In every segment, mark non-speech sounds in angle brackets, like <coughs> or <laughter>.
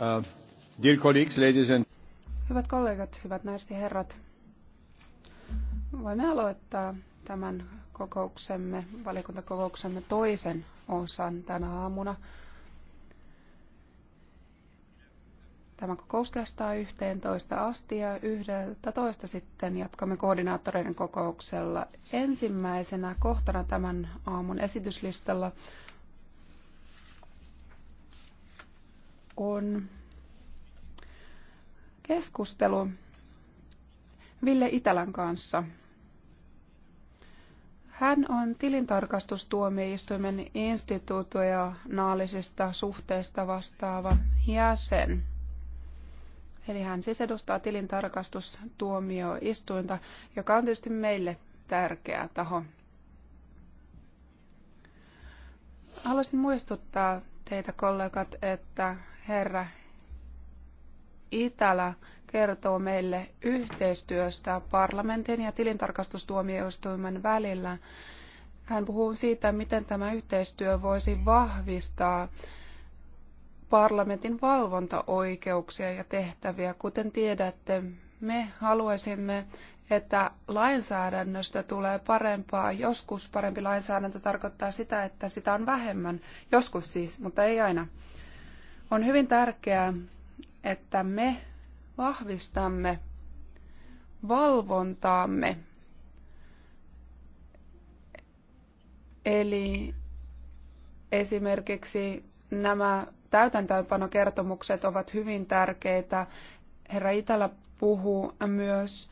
Uh, hyvät kollegat, hyvät naiset ja herrat, voimme aloittaa tämän kokouksemme, valiokuntakokouksemme toisen osan tänä aamuna. Tämä kokous kestää 11 asti ja 11 sitten jatkamme koordinaattoreiden kokouksella. Ensimmäisenä kohtana tämän aamun esityslistalla on keskustelu Ville Itälän kanssa. Hän on tilintarkastustuomioistuimen instituutionaalisista suhteista vastaava jäsen. Eli hän siis edustaa tilintarkastustuomioistuinta, joka on tietysti meille tärkeä taho. Haluaisin muistuttaa teitä kollegat, että herra Itälä kertoo meille yhteistyöstä parlamentin ja tilintarkastustuomioistuimen välillä. Hän puhuu siitä, miten tämä yhteistyö voisi vahvistaa parlamentin valvontaoikeuksia ja tehtäviä. Kuten tiedätte, me haluaisimme, että lainsäädännöstä tulee parempaa. Joskus parempi lainsäädäntö tarkoittaa sitä, että sitä on vähemmän. Joskus siis, mutta ei aina. On hyvin tärkeää, että me vahvistamme valvontaamme. Eli esimerkiksi nämä täytäntöönpanokertomukset ovat hyvin tärkeitä. Herra Itälä puhuu myös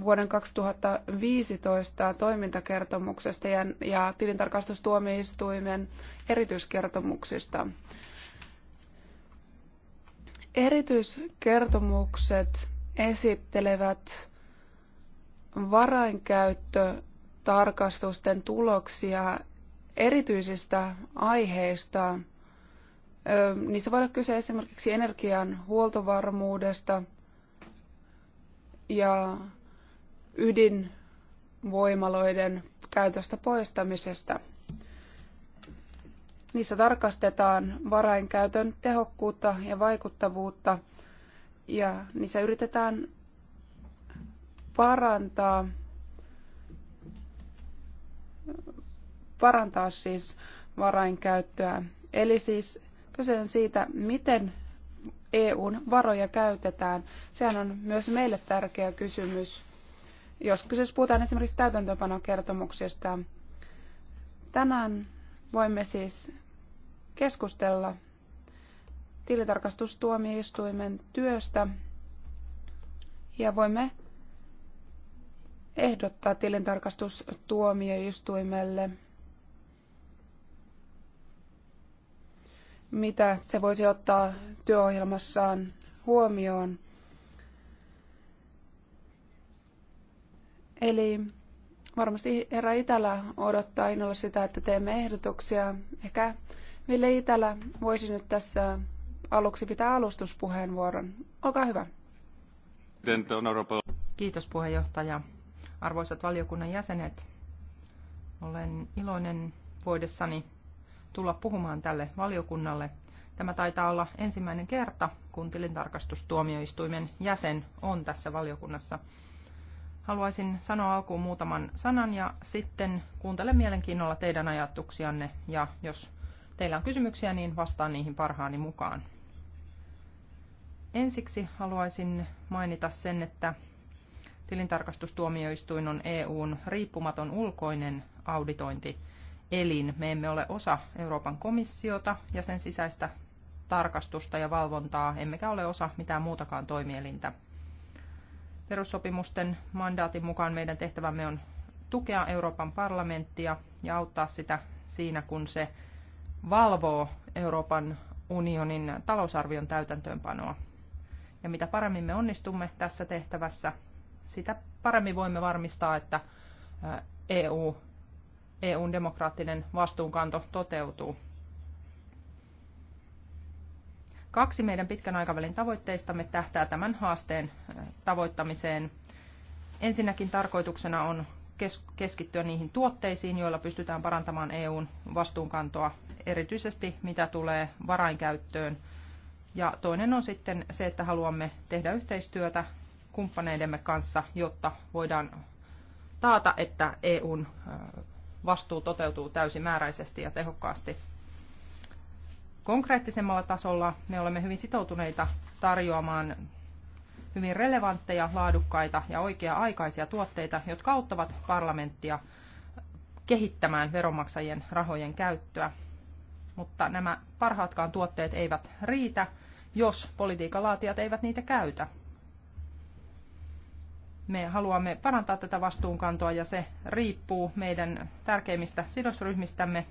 vuoden 2015 toimintakertomuksesta ja, ja tilintarkastustuomioistuimen erityiskertomuksista. Erityiskertomukset esittelevät varainkäyttötarkastusten tuloksia erityisistä aiheista niissä voi olla kyse esimerkiksi energian huoltovarmuudesta ja ydinvoimaloiden käytöstä poistamisesta. Niissä tarkastetaan varainkäytön tehokkuutta ja vaikuttavuutta ja niissä yritetään parantaa parantaa siis varainkäyttöä. Eli siis Kyse on siitä, miten EUn varoja käytetään. Sehän on myös meille tärkeä kysymys. Jos kyseessä puhutaan esimerkiksi täytäntöönpanokertomuksesta, tänään voimme siis keskustella tilitarkastustuomioistuimen työstä ja voimme ehdottaa tilintarkastustuomioistuimelle mitä se voisi ottaa työohjelmassaan huomioon. Eli varmasti herra Itälä odottaa innolla sitä, että teemme ehdotuksia. Ehkä Ville Itälä voisi nyt tässä aluksi pitää alustuspuheenvuoron. Olkaa hyvä. Kiitos puheenjohtaja. Arvoisat valiokunnan jäsenet, olen iloinen voidessani tulla puhumaan tälle valiokunnalle. Tämä taitaa olla ensimmäinen kerta, kun tilintarkastustuomioistuimen jäsen on tässä valiokunnassa. Haluaisin sanoa alkuun muutaman sanan ja sitten kuuntelen mielenkiinnolla teidän ajatuksianne ja jos teillä on kysymyksiä, niin vastaan niihin parhaani mukaan. Ensiksi haluaisin mainita sen, että tilintarkastustuomioistuin on EUn riippumaton ulkoinen auditointi elin. Me emme ole osa Euroopan komissiota ja sen sisäistä tarkastusta ja valvontaa, emmekä ole osa mitään muutakaan toimielintä. Perussopimusten mandaatin mukaan meidän tehtävämme on tukea Euroopan parlamenttia ja auttaa sitä siinä, kun se valvoo Euroopan unionin talousarvion täytäntöönpanoa. Ja mitä paremmin me onnistumme tässä tehtävässä, sitä paremmin voimme varmistaa, että EU EUn demokraattinen vastuunkanto toteutuu. Kaksi meidän pitkän aikavälin tavoitteistamme tähtää tämän haasteen tavoittamiseen. Ensinnäkin tarkoituksena on keskittyä niihin tuotteisiin, joilla pystytään parantamaan EUn vastuunkantoa, erityisesti mitä tulee varainkäyttöön. Ja toinen on sitten se, että haluamme tehdä yhteistyötä kumppaneidemme kanssa, jotta voidaan taata, että EUn vastuu toteutuu täysimääräisesti ja tehokkaasti. Konkreettisemmalla tasolla me olemme hyvin sitoutuneita tarjoamaan hyvin relevantteja, laadukkaita ja oikea-aikaisia tuotteita, jotka auttavat parlamenttia kehittämään veronmaksajien rahojen käyttöä. Mutta nämä parhaatkaan tuotteet eivät riitä, jos politiikan laatijat eivät niitä käytä. Me haluamme parantaa tätä vastuunkantoa ja se riippuu meidän tärkeimmistä sidosryhmistämme,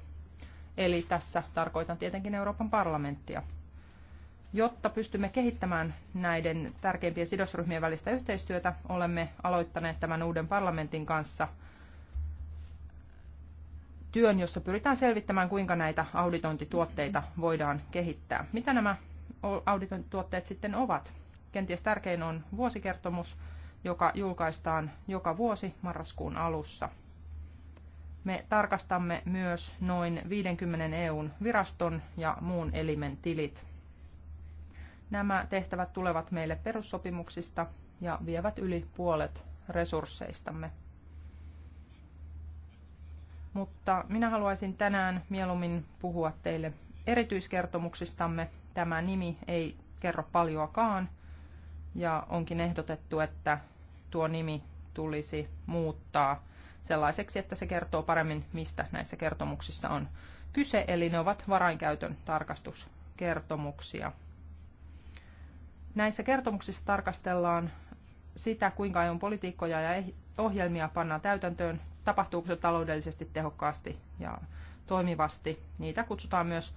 eli tässä tarkoitan tietenkin Euroopan parlamenttia. Jotta pystymme kehittämään näiden tärkeimpien sidosryhmien välistä yhteistyötä, olemme aloittaneet tämän uuden parlamentin kanssa työn, jossa pyritään selvittämään, kuinka näitä auditointituotteita voidaan kehittää. Mitä nämä auditointituotteet sitten ovat? Kenties tärkein on vuosikertomus, joka julkaistaan joka vuosi marraskuun alussa. Me tarkastamme myös noin 50 EUn viraston ja muun elimen tilit. Nämä tehtävät tulevat meille perussopimuksista ja vievät yli puolet resursseistamme. Mutta minä haluaisin tänään mieluummin puhua teille erityiskertomuksistamme. Tämä nimi ei kerro paljoakaan, ja onkin ehdotettu, että tuo nimi tulisi muuttaa sellaiseksi, että se kertoo paremmin, mistä näissä kertomuksissa on kyse, eli ne ovat varainkäytön tarkastuskertomuksia. Näissä kertomuksissa tarkastellaan sitä, kuinka EUn politiikkoja ja eh- ohjelmia pannaan täytäntöön, tapahtuuko se taloudellisesti tehokkaasti ja toimivasti. Niitä kutsutaan myös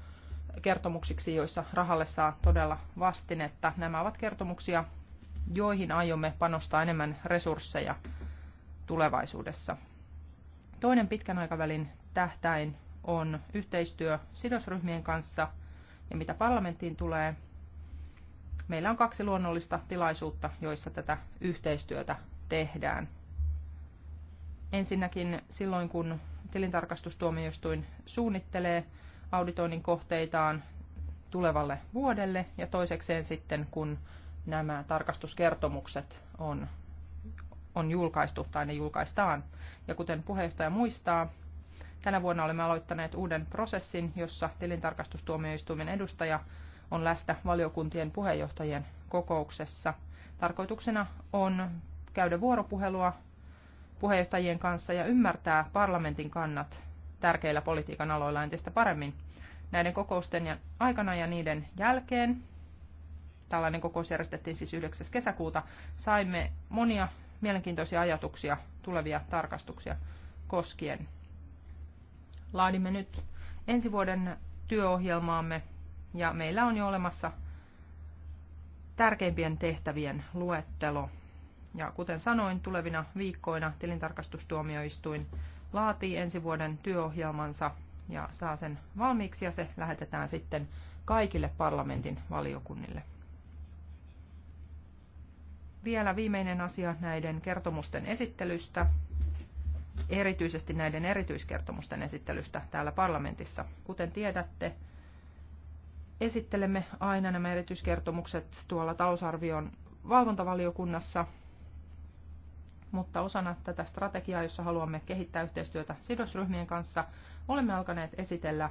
kertomuksiksi, joissa rahalle saa todella vastinetta. Nämä ovat kertomuksia, joihin aiomme panostaa enemmän resursseja tulevaisuudessa. Toinen pitkän aikavälin tähtäin on yhteistyö sidosryhmien kanssa ja mitä parlamenttiin tulee, meillä on kaksi luonnollista tilaisuutta, joissa tätä yhteistyötä tehdään. Ensinnäkin silloin, kun tilintarkastustuomioistuin suunnittelee auditoinnin kohteitaan tulevalle vuodelle ja toisekseen sitten, kun nämä tarkastuskertomukset on, on julkaistu tai ne julkaistaan. Ja kuten puheenjohtaja muistaa, tänä vuonna olemme aloittaneet uuden prosessin, jossa tilintarkastustuomioistuimen edustaja on läsnä valiokuntien puheenjohtajien kokouksessa. Tarkoituksena on käydä vuoropuhelua puheenjohtajien kanssa ja ymmärtää parlamentin kannat tärkeillä politiikan aloilla entistä paremmin. Näiden kokousten aikana ja niiden jälkeen tällainen kokous järjestettiin siis 9. kesäkuuta, saimme monia mielenkiintoisia ajatuksia tulevia tarkastuksia koskien. Laadimme nyt ensi vuoden työohjelmaamme ja meillä on jo olemassa tärkeimpien tehtävien luettelo. Ja kuten sanoin, tulevina viikkoina tilintarkastustuomioistuin laatii ensi vuoden työohjelmansa ja saa sen valmiiksi ja se lähetetään sitten kaikille parlamentin valiokunnille vielä viimeinen asia näiden kertomusten esittelystä, erityisesti näiden erityiskertomusten esittelystä täällä parlamentissa. Kuten tiedätte, esittelemme aina nämä erityiskertomukset tuolla talousarvion valvontavaliokunnassa, mutta osana tätä strategiaa, jossa haluamme kehittää yhteistyötä sidosryhmien kanssa, olemme alkaneet esitellä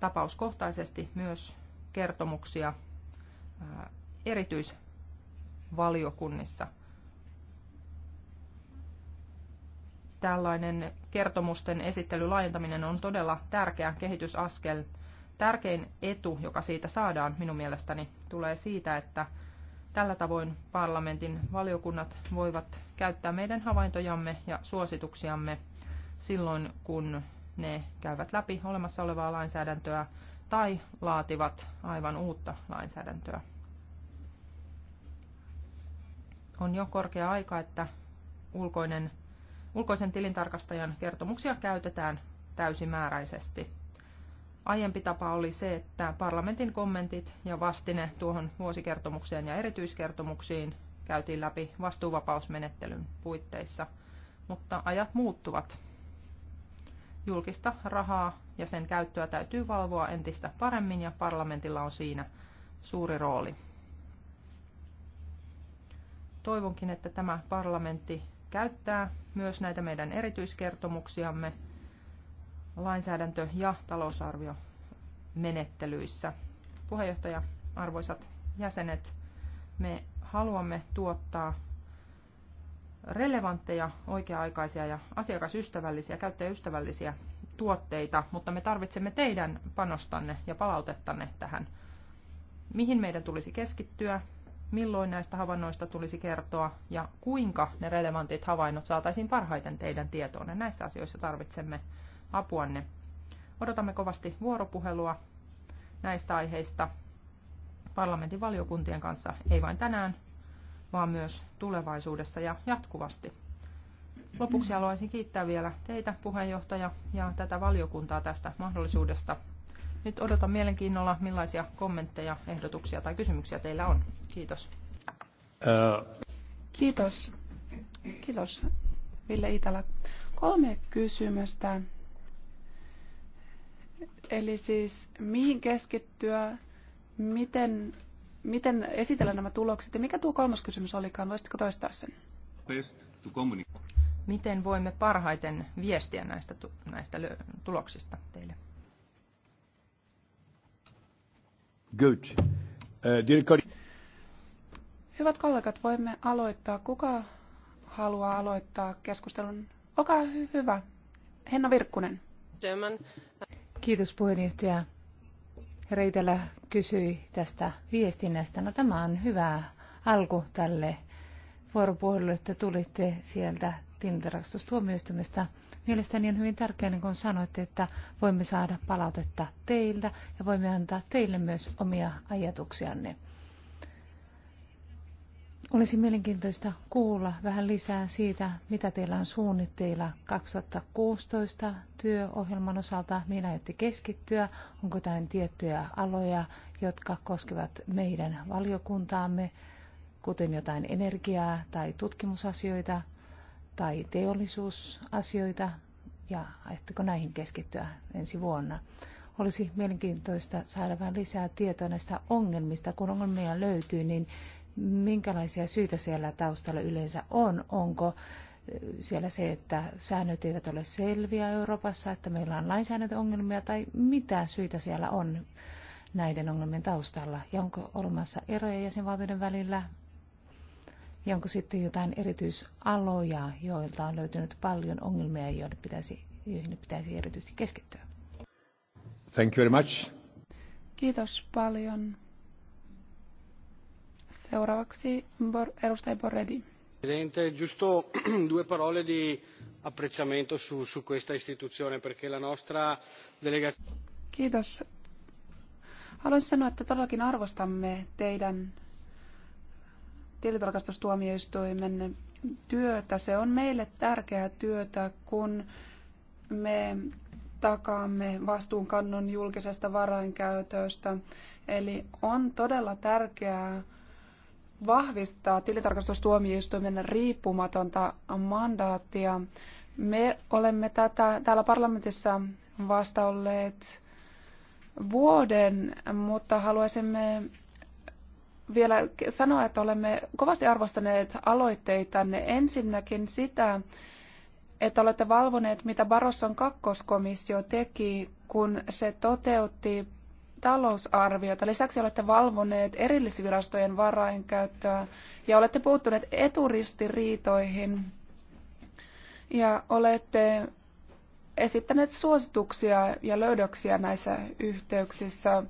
tapauskohtaisesti myös kertomuksia erityiskertomuksista valiokunnissa. Tällainen kertomusten esittely laajentaminen on todella tärkeä kehitysaskel. Tärkein etu, joka siitä saadaan minun mielestäni, tulee siitä, että tällä tavoin parlamentin valiokunnat voivat käyttää meidän havaintojamme ja suosituksiamme silloin, kun ne käyvät läpi olemassa olevaa lainsäädäntöä tai laativat aivan uutta lainsäädäntöä. On jo korkea aika, että ulkoinen, ulkoisen tilintarkastajan kertomuksia käytetään täysimääräisesti. Aiempi tapa oli se, että parlamentin kommentit ja vastine tuohon vuosikertomukseen ja erityiskertomuksiin käytiin läpi vastuuvapausmenettelyn puitteissa, mutta ajat muuttuvat. Julkista rahaa ja sen käyttöä täytyy valvoa entistä paremmin ja parlamentilla on siinä suuri rooli toivonkin, että tämä parlamentti käyttää myös näitä meidän erityiskertomuksiamme lainsäädäntö- ja talousarviomenettelyissä. Puheenjohtaja, arvoisat jäsenet, me haluamme tuottaa relevantteja, oikea-aikaisia ja asiakasystävällisiä, käyttäjäystävällisiä tuotteita, mutta me tarvitsemme teidän panostanne ja palautettanne tähän. Mihin meidän tulisi keskittyä, milloin näistä havainnoista tulisi kertoa ja kuinka ne relevantit havainnot saataisiin parhaiten teidän tietoonne. Näissä asioissa tarvitsemme apuanne. Odotamme kovasti vuoropuhelua näistä aiheista parlamentin valiokuntien kanssa, ei vain tänään, vaan myös tulevaisuudessa ja jatkuvasti. Lopuksi haluaisin kiittää vielä teitä, puheenjohtaja, ja tätä valiokuntaa tästä mahdollisuudesta. Nyt odotan mielenkiinnolla, millaisia kommentteja, ehdotuksia tai kysymyksiä teillä on. Kiitos. Kiitos. Kiitos, Ville Itälä. Kolme kysymystä. Eli siis mihin keskittyä, miten, miten esitellä nämä tulokset ja mikä tuo kolmas kysymys olikaan? Voisitko toistaa sen? Miten voimme parhaiten viestiä näistä, näistä tuloksista teille? Good. Uh, Hyvät kollegat, voimme aloittaa. Kuka haluaa aloittaa keskustelun? Olkaa hyvä. Henna Virkkunen. Kiitos puheenjohtaja. Reitellä kysyi tästä viestinnästä. No tämä on hyvä alku tälle vuoropuhelulle, että tulitte sieltä tilintarkastustuomioistumista. Mielestäni on hyvin tärkeää, niin kun sanoitte, että voimme saada palautetta teiltä ja voimme antaa teille myös omia ajatuksianne. Olisi mielenkiintoista kuulla vähän lisää siitä, mitä teillä on suunnitteilla 2016 työohjelman osalta, mihin aiotte keskittyä, onko jotain tiettyjä aloja, jotka koskevat meidän valiokuntaamme, kuten jotain energiaa tai tutkimusasioita tai teollisuusasioita, ja aiotteko näihin keskittyä ensi vuonna. Olisi mielenkiintoista saada vähän lisää tietoa näistä ongelmista. Kun ongelmia löytyy, niin minkälaisia syitä siellä taustalla yleensä on. Onko eh, siellä se, että säännöt eivät ole selviä Euroopassa, että meillä on lainsäädäntöongelmia tai mitä syitä siellä on näiden ongelmien taustalla ja onko olemassa eroja jäsenvaltioiden välillä ja onko sitten jotain erityisaloja, joilta on löytynyt paljon ongelmia joihin pitäisi, joihin pitäisi erityisesti keskittyä. Thank you very much. Kiitos paljon. Seuraavaksi Bor, edustaja Borredi. Presidente, giusto <clears throat> due parole di apprezzamento su, su questa istituzione, perché la nostra delegazione... Kiitos. Haluaisin sanoa, että todellakin arvostamme teidän tilitarkastustuomioistuimen työtä. Se on meille tärkeää työtä, kun me takaamme vastuunkannon julkisesta varainkäytöstä. Eli on todella tärkeää vahvistaa tilintarkastustuomioistuimen riippumatonta mandaattia. Me olemme tätä täällä parlamentissa vasta olleet vuoden, mutta haluaisimme vielä sanoa, että olemme kovasti arvostaneet aloitteitanne. Ensinnäkin sitä, että olette valvoneet, mitä Barosson kakkoskomissio teki, kun se toteutti talousarviota. Lisäksi olette valvoneet erillisvirastojen varainkäyttöä ja olette puuttuneet eturistiriitoihin ja olette esittäneet suosituksia ja löydöksiä näissä yhteyksissä.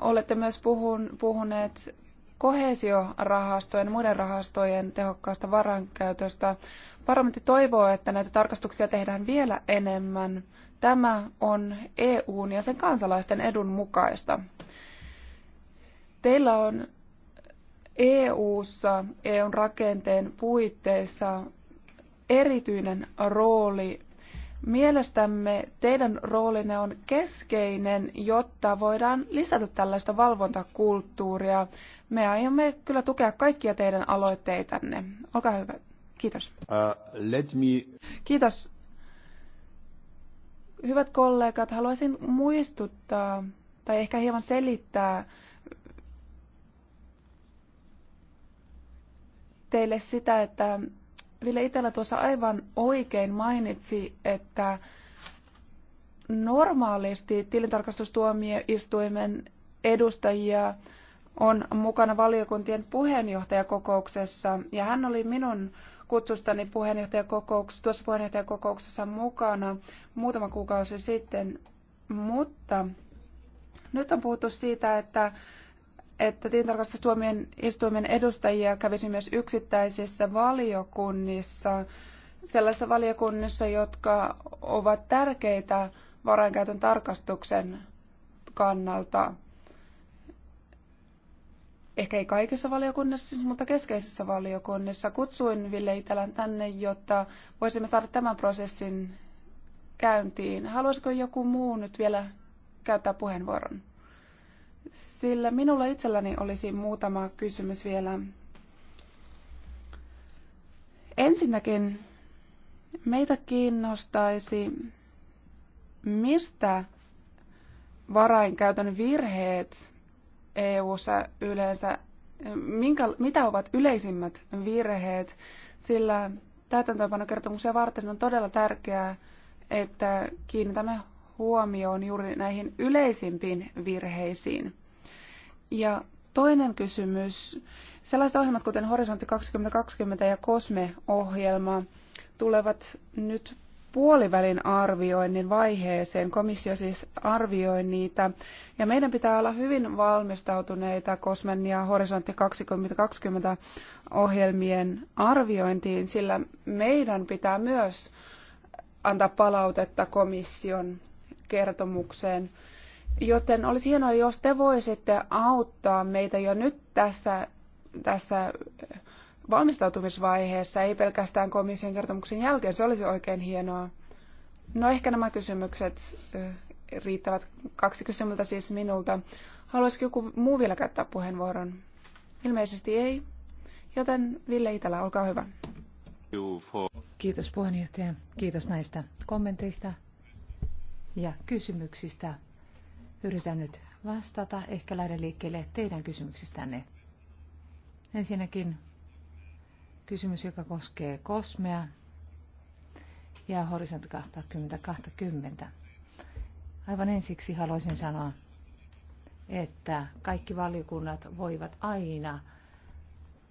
Olette myös puhun, puhuneet kohesiorahastojen ja muiden rahastojen tehokkaasta varankäytöstä. Parlamentti toivoo, että näitä tarkastuksia tehdään vielä enemmän. Tämä on EUn ja sen kansalaisten edun mukaista. Teillä on EU:ssa, EUn rakenteen puitteissa erityinen rooli. Mielestämme teidän roolinne on keskeinen, jotta voidaan lisätä tällaista valvontakulttuuria. Me aiomme kyllä tukea kaikkia teidän aloitteitanne. Olkaa hyvä. Kiitos. Uh, let me... Kiitos. Hyvät kollegat, haluaisin muistuttaa tai ehkä hieman selittää teille sitä, että Ville Itälä tuossa aivan oikein mainitsi, että normaalisti tilintarkastustuomioistuimen edustajia on mukana valiokuntien puheenjohtajakokouksessa ja hän oli minun kutsustani puheenjohtajakokouksessa, tuossa puheenjohtajakokouksessa mukana muutama kuukausi sitten, mutta nyt on puhuttu siitä, että että istuimen edustajia kävisi myös yksittäisissä valiokunnissa, sellaisissa valiokunnissa, jotka ovat tärkeitä varainkäytön tarkastuksen kannalta ehkä ei kaikissa valiokunnissa, siis, mutta keskeisissä valiokunnissa. Kutsuin Ville Itälän tänne, jotta voisimme saada tämän prosessin käyntiin. Haluaisiko joku muu nyt vielä käyttää puheenvuoron? Sillä minulla itselläni olisi muutama kysymys vielä. Ensinnäkin meitä kiinnostaisi, mistä varainkäytön virheet EU-ssa yleensä, minkä, mitä ovat yleisimmät virheet, sillä täytäntöönpanokertomuksia varten on todella tärkeää, että kiinnitämme huomioon juuri näihin yleisimpiin virheisiin. Ja toinen kysymys. Sellaiset ohjelmat kuten Horisontti 2020 ja COSME-ohjelma tulevat nyt puolivälin arvioinnin vaiheeseen. Komissio siis arvioi niitä. Ja meidän pitää olla hyvin valmistautuneita Kosmen ja Horisontti 2020 ohjelmien arviointiin, sillä meidän pitää myös antaa palautetta komission kertomukseen. Joten olisi hienoa, jos te voisitte auttaa meitä jo nyt tässä, tässä valmistautumisvaiheessa, ei pelkästään komission kertomuksen jälkeen. Se olisi oikein hienoa. No ehkä nämä kysymykset riittävät. Kaksi kysymystä siis minulta. Haluaisiko joku muu vielä käyttää puheenvuoron? Ilmeisesti ei. Joten Ville Itälä, olkaa hyvä. Kiitos puheenjohtaja. Kiitos näistä kommenteista ja kysymyksistä. Yritän nyt vastata. Ehkä lähden liikkeelle teidän kysymyksistänne. Ensinnäkin kysymys, joka koskee kosmea ja horisontti 2020. Aivan ensiksi haluaisin sanoa, että kaikki valiokunnat voivat aina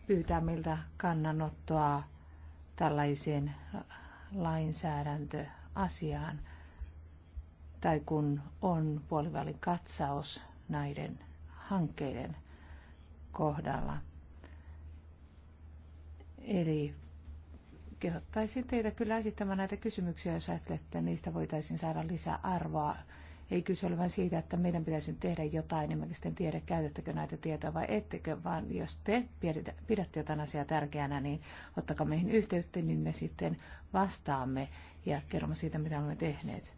pyytää meiltä kannanottoa tällaiseen lainsäädäntöasiaan tai kun on puolivälin katsaus näiden hankkeiden kohdalla. Eli kehottaisin teitä kyllä esittämään näitä kysymyksiä, jos ajattelette, että niistä voitaisiin saada lisää arvoa. Ei kyse ole vain siitä, että meidän pitäisi nyt tehdä jotain, emmekä niin sitten tiedä, käytettekö näitä tietoja vai ettekö, vaan jos te pidätte jotain asiaa tärkeänä, niin ottakaa meihin yhteyttä, niin me sitten vastaamme ja kerromme siitä, mitä olemme tehneet.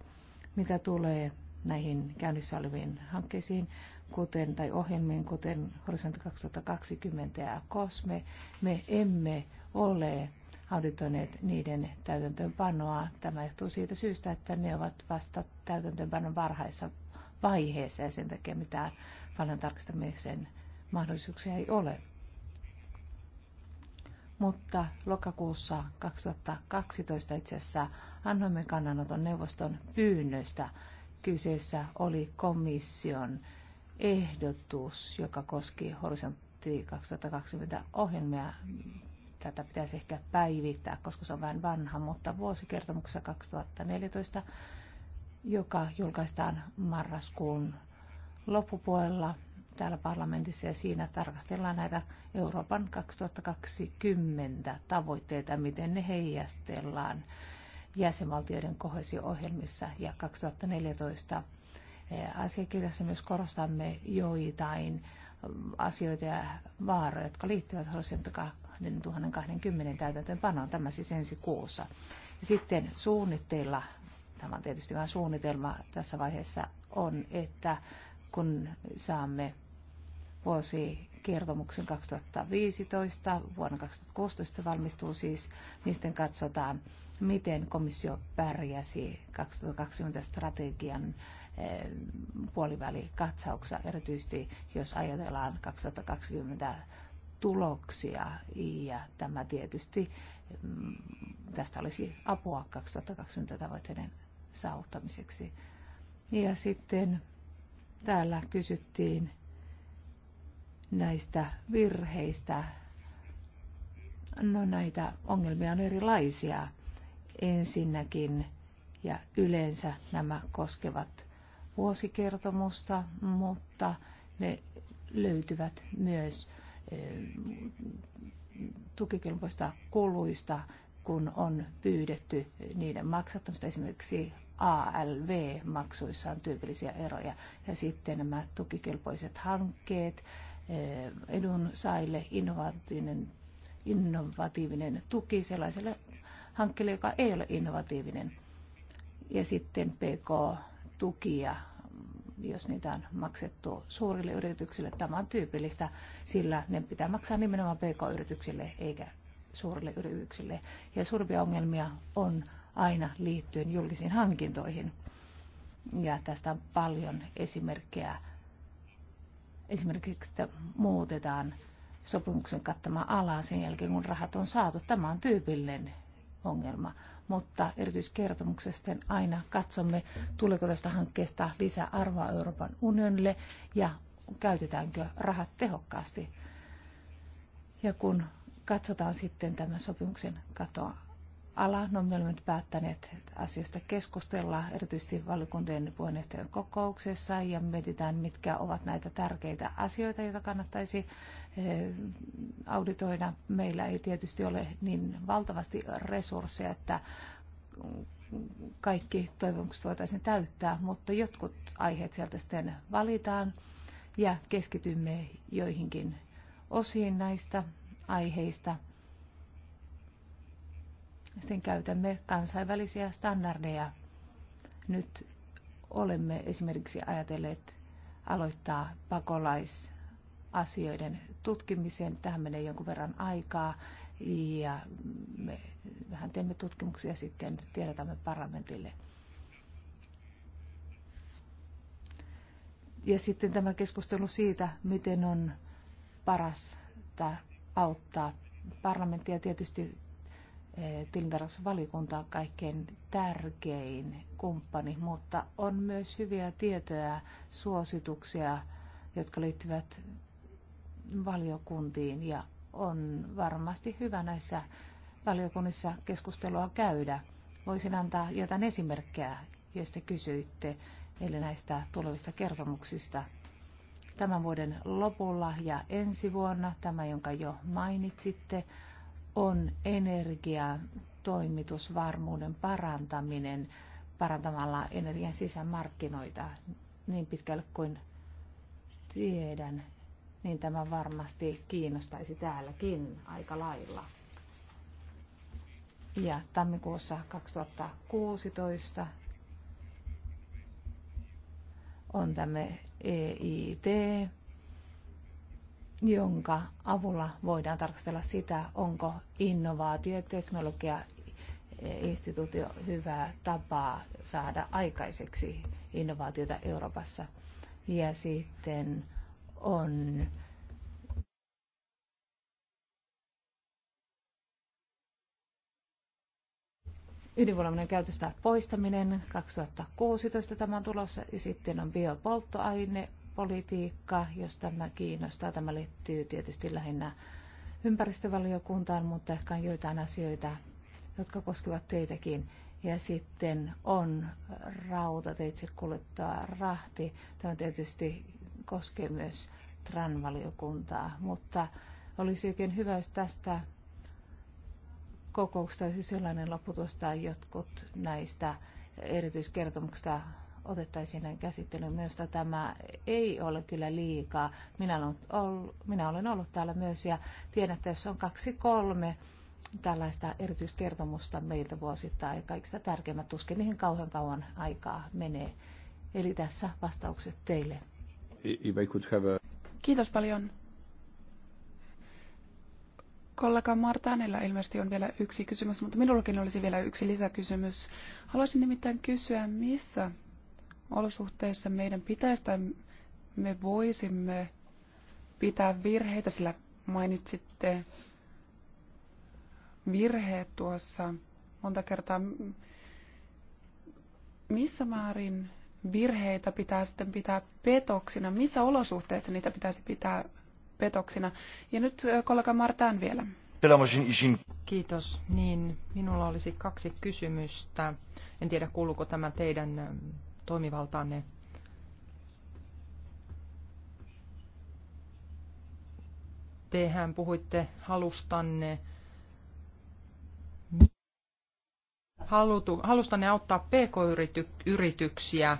Mitä tulee näihin käynnissä oleviin hankkeisiin, kuten, tai ohjelmien, kuten Horisontti 2020 ja COSME, me emme ole auditoineet niiden täytäntöönpanoa. Tämä johtuu siitä syystä, että ne ovat vasta täytäntöönpanon varhaisessa vaiheessa ja sen takia mitään paljon tarkistamisen mahdollisuuksia ei ole. Mutta lokakuussa 2012 itse asiassa annoimme kannanoton neuvoston pyynnöstä. Kyseessä oli komission ehdotus, joka koski horisontti 2020 ohjelmia. Tätä pitäisi ehkä päivittää, koska se on vähän vanha, mutta vuosikertomuksessa 2014, joka julkaistaan marraskuun loppupuolella täällä parlamentissa ja siinä tarkastellaan näitä Euroopan 2020 tavoitteita, miten ne heijastellaan jäsenvaltioiden kohesio-ohjelmissa ja 2014 asiakirjassa myös korostamme joitain asioita ja vaaroja, jotka liittyvät Horisontti 2020 täytäntöönpanoon. Tämä siis ensi kuussa. Ja sitten suunnitteilla, tämä on tietysti vain suunnitelma tässä vaiheessa, on, että kun saamme vuosi kertomuksen 2015, vuonna 2016 valmistuu siis, niin sitten katsotaan, miten komissio pärjäsi 2020 strategian Eh, puolivälikatsauksessa, erityisesti jos ajatellaan 2020 tuloksia ja tämä tietysti mm, tästä olisi apua 2020 tavoitteiden saavuttamiseksi. Ja sitten täällä kysyttiin näistä virheistä. No näitä ongelmia on erilaisia. Ensinnäkin ja yleensä nämä koskevat vuosikertomusta, mutta ne löytyvät myös eh, tukikelpoista kuluista, kun on pyydetty niiden maksattamista. Esimerkiksi ALV-maksuissa on tyypillisiä eroja. Ja sitten nämä tukikelpoiset hankkeet, eh, edun saille innovatiivinen, innovatiivinen tuki sellaiselle hankkeelle, joka ei ole innovatiivinen. Ja sitten PK tukia, jos niitä on maksettu suurille yrityksille. Tämä on tyypillistä, sillä ne pitää maksaa nimenomaan pk-yrityksille eikä suurille yrityksille. Ja suurimpia ongelmia on aina liittyen julkisiin hankintoihin. Ja tästä on paljon esimerkkejä. Esimerkiksi sitä muutetaan sopimuksen kattama ala sen jälkeen, kun rahat on saatu. Tämä on tyypillinen ongelma. Mutta erityiskertomuksesta aina katsomme, tuleeko tästä hankkeesta lisää arvoa Euroopan unionille ja käytetäänkö rahat tehokkaasti. Ja kun katsotaan sitten tämän sopimuksen katoa ala. No, me olemme päättäneet asiasta keskustella erityisesti valiokuntien puheenjohtajan kokouksessa ja mietitään, mitkä ovat näitä tärkeitä asioita, joita kannattaisi eh, auditoida. Meillä ei tietysti ole niin valtavasti resursseja, että kaikki toivomukset voitaisiin täyttää, mutta jotkut aiheet sieltä sitten valitaan ja keskitymme joihinkin osiin näistä aiheista – sitten käytämme kansainvälisiä standardeja. Nyt olemme esimerkiksi ajatelleet aloittaa pakolaisasioiden tutkimisen. Tähän menee jonkun verran aikaa ja me vähän teemme tutkimuksia ja sitten tiedotamme parlamentille. Ja sitten tämä keskustelu siitä, miten on parasta auttaa parlamenttia. Tietysti Eh, tilintarkastusvaliokunta on kaikkein tärkein kumppani, mutta on myös hyviä tietoja, suosituksia, jotka liittyvät valiokuntiin ja on varmasti hyvä näissä valiokunnissa keskustelua käydä. Voisin antaa jotain esimerkkejä, joista kysyitte, eli näistä tulevista kertomuksista tämän vuoden lopulla ja ensi vuonna, tämä jonka jo mainitsitte, on energia toimitusvarmuuden parantaminen parantamalla energian sisämarkkinoita niin pitkälle kuin tiedän, niin tämä varmasti kiinnostaisi täälläkin aika lailla. Ja tammikuussa 2016 on tämä EIT, jonka avulla voidaan tarkastella sitä, onko innovaatio- ja teknologiainstituutio hyvää tapaa saada aikaiseksi innovaatiota Euroopassa. Ja sitten on ydinvoimainen käytöstä poistaminen 2016 tämä on tulossa ja sitten on biopolttoaine politiikka, jos tämä kiinnostaa. Tämä liittyy tietysti lähinnä ympäristövaliokuntaan, mutta ehkä on joitain asioita, jotka koskevat teitäkin. Ja sitten on teitse kuljettaa rahti. Tämä tietysti koskee myös TRAN-valiokuntaa, mutta olisi oikein hyvä, jos tästä kokouksesta olisi sellainen lopputulos jotkut näistä erityiskertomuksista otettaisiin näin käsittelyyn. myös tämä ei ole kyllä liikaa. Minä olen ollut, minä olen ollut täällä myös ja tiedän, että jos on kaksi kolme tällaista erityiskertomusta meiltä vuosittain, kaikista tärkeimmät tuskin niihin kauhean kauan aikaa menee. Eli tässä vastaukset teille. Kiitos paljon. Kollega Martanella ilmeisesti on vielä yksi kysymys, mutta minullakin olisi vielä yksi lisäkysymys. Haluaisin nimittäin kysyä, missä olosuhteissa meidän pitäisi tai me voisimme pitää virheitä, sillä mainitsitte virheet tuossa monta kertaa. Missä määrin virheitä pitää sitten pitää petoksina? Missä olosuhteissa niitä pitäisi pitää petoksina? Ja nyt kollega Martaan vielä. Kiitos. Niin, minulla olisi kaksi kysymystä. En tiedä, kuuluuko tämä teidän toimivaltaanne. Tehän puhuitte halustanne halutu, halustanne auttaa pk-yrityksiä.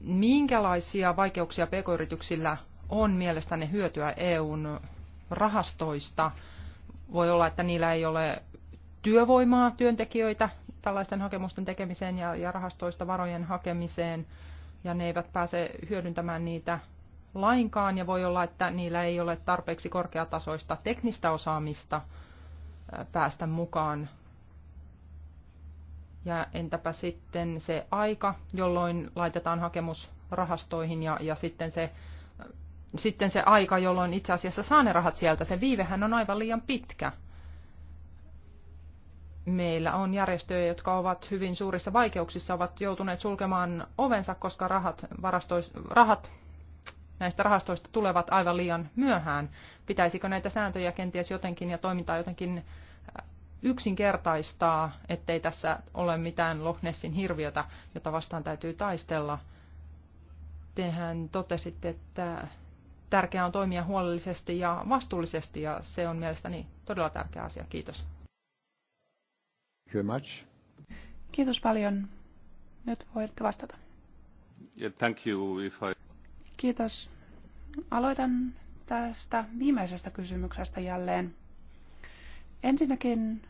Minkälaisia vaikeuksia pk-yrityksillä on mielestäni hyötyä EUn rahastoista? Voi olla, että niillä ei ole työvoimaa, työntekijöitä tällaisten hakemusten tekemiseen ja, ja rahastoista varojen hakemiseen, ja ne eivät pääse hyödyntämään niitä lainkaan, ja voi olla, että niillä ei ole tarpeeksi korkeatasoista teknistä osaamista päästä mukaan. Ja entäpä sitten se aika, jolloin laitetaan hakemus rahastoihin ja, ja sitten, se, sitten se aika, jolloin itse asiassa saa ne rahat sieltä, se viivehän on aivan liian pitkä – meillä on järjestöjä, jotka ovat hyvin suurissa vaikeuksissa, ovat joutuneet sulkemaan ovensa, koska rahat, rahat näistä rahastoista tulevat aivan liian myöhään. Pitäisikö näitä sääntöjä kenties jotenkin ja toimintaa jotenkin äh, yksinkertaistaa, ettei tässä ole mitään Loch Nessin hirviötä, jota vastaan täytyy taistella. Tehän totesitte, että tärkeää on toimia huolellisesti ja vastuullisesti, ja se on mielestäni todella tärkeä asia. Kiitos. Very much. Kiitos paljon. Nyt voitte vastata. Yeah, thank you if I... Kiitos. Aloitan tästä viimeisestä kysymyksestä jälleen. Ensinnäkin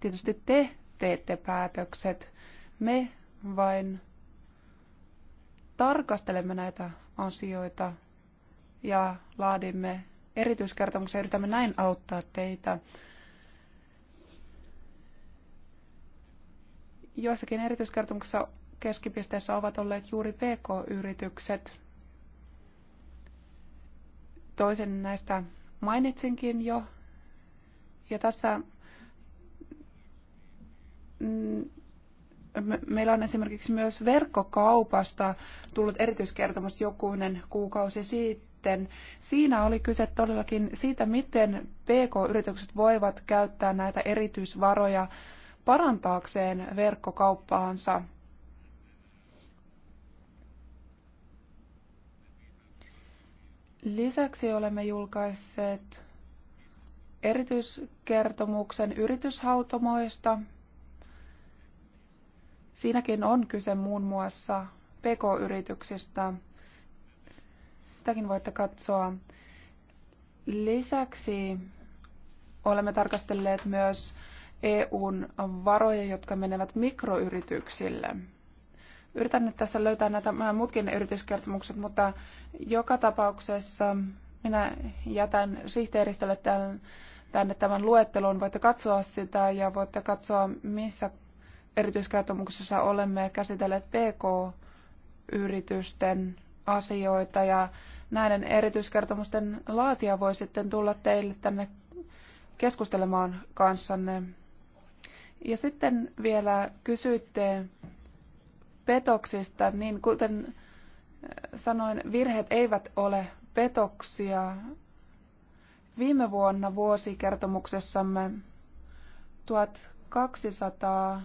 tietysti te teette päätökset. Me vain tarkastelemme näitä asioita ja laadimme erityiskertomuksia. Yritämme näin auttaa teitä Joissakin erityiskertomuksissa keskipisteessä ovat olleet juuri PK-yritykset. Toisen näistä mainitsinkin jo. Ja tässä mm, meillä on esimerkiksi myös verkkokaupasta tullut erityiskertomus jokuinen kuukausi sitten. Siinä oli kyse todellakin siitä, miten PK-yritykset voivat käyttää näitä erityisvaroja parantaakseen verkkokauppaansa. Lisäksi olemme julkaisseet erityiskertomuksen yrityshautomoista. Siinäkin on kyse muun muassa pk-yrityksistä. Sitäkin voitte katsoa. Lisäksi olemme tarkastelleet myös EUn varoja, jotka menevät mikroyrityksille. Yritän nyt tässä löytää näitä äh, mutkin yrityskertomukset, mutta joka tapauksessa minä jätän sihteeristölle tämän, tänne tämän luettelon. Voitte katsoa sitä ja voitte katsoa, missä erityiskertomuksessa olemme käsitelleet PK-yritysten asioita ja näiden erityiskertomusten laatija voi sitten tulla teille tänne keskustelemaan kanssanne. Ja sitten vielä kysyitte petoksista, niin kuten äh, sanoin, virheet eivät ole petoksia. Viime vuonna vuosikertomuksessamme 1200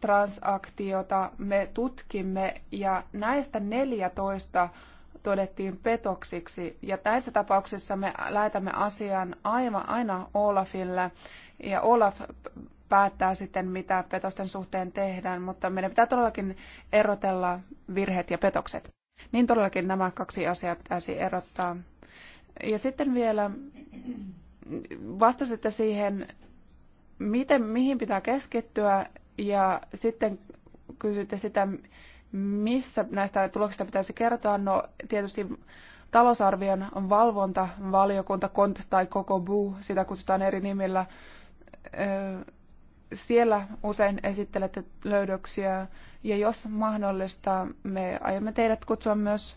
transaktiota me tutkimme ja näistä 14 todettiin petoksiksi. Ja näissä tapauksissa me lähetämme asian aivan aina Olafille ja Olaf päättää sitten, mitä petosten suhteen tehdään, mutta meidän pitää todellakin erotella virheet ja petokset. Niin todellakin nämä kaksi asiaa pitäisi erottaa. Ja sitten vielä vastasitte siihen, miten, mihin pitää keskittyä ja sitten kysytte sitä, missä näistä tuloksista pitäisi kertoa? No tietysti talousarvion valiokunta, KONT tai koko BU, sitä kutsutaan eri nimillä. Siellä usein esittelette löydöksiä ja jos mahdollista, me aiomme teidät kutsua myös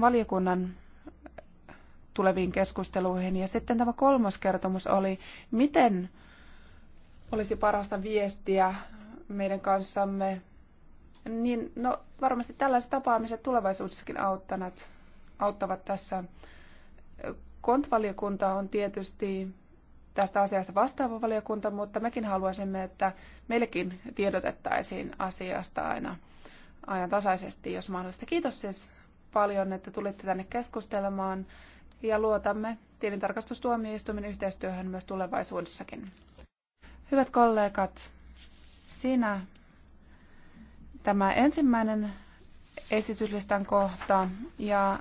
valiokunnan tuleviin keskusteluihin. Ja sitten tämä kolmas kertomus oli, miten olisi parasta viestiä meidän kanssamme niin no, varmasti tällaiset tapaamiset tulevaisuudessakin auttavat, auttavat tässä. Kontvaliokunta on tietysti tästä asiasta vastaava valiokunta, mutta mekin haluaisimme, että meillekin tiedotettaisiin asiasta aina ajan tasaisesti, jos mahdollista. Kiitos siis paljon, että tulitte tänne keskustelemaan ja luotamme tilintarkastustuomioistuimen yhteistyöhön myös tulevaisuudessakin. Hyvät kollegat, siinä tämä ensimmäinen esityslistan kohta ja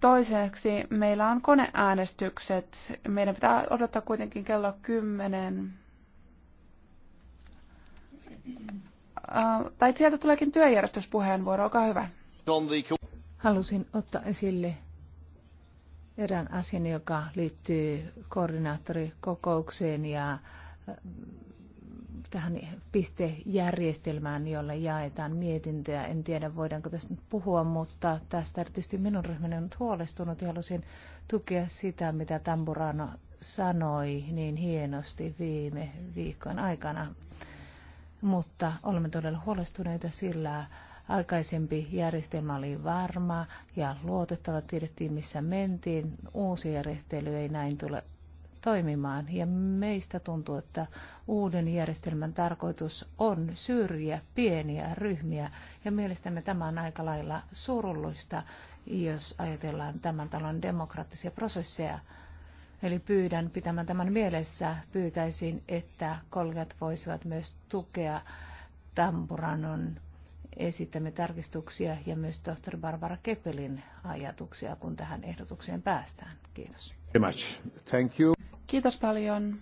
toiseksi meillä on koneäänestykset. Meidän pitää odottaa kuitenkin kello 10. Äh, tai sieltä tuleekin työjärjestyspuheenvuoro, olkaa hyvä. Halusin ottaa esille erään asian, joka liittyy koordinaattorikokoukseen ja äh, tähän pistejärjestelmään, jolla jaetaan mietintöjä. En tiedä, voidaanko tästä nyt puhua, mutta tästä erityisesti minun ryhmäni on nyt huolestunut ja halusin tukea sitä, mitä Tamburano sanoi niin hienosti viime viikon aikana. Mutta olemme todella huolestuneita, sillä aikaisempi järjestelmä oli varma ja luotettava, tiedettiin missä mentiin. Uusi järjestely ei näin tule toimimaan. Ja meistä tuntuu, että uuden järjestelmän tarkoitus on syrjiä pieniä ryhmiä. Ja mielestämme tämä on aika lailla surullista, jos ajatellaan tämän talon demokraattisia prosesseja. Eli pyydän pitämään tämän mielessä, pyytäisin, että kollegat voisivat myös tukea Tampuranon esittämme tarkistuksia ja myös tohtori Barbara Keppelin ajatuksia, kun tähän ehdotukseen päästään. Kiitos. Thank you. Kiitos paljon.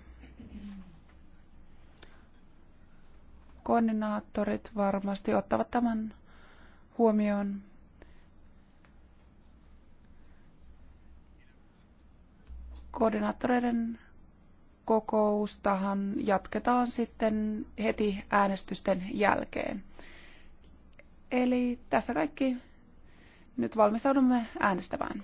Koordinaattorit varmasti ottavat tämän huomioon. Koordinaattoreiden kokoustahan jatketaan sitten heti äänestysten jälkeen. Eli tässä kaikki. Nyt valmistaudumme äänestämään.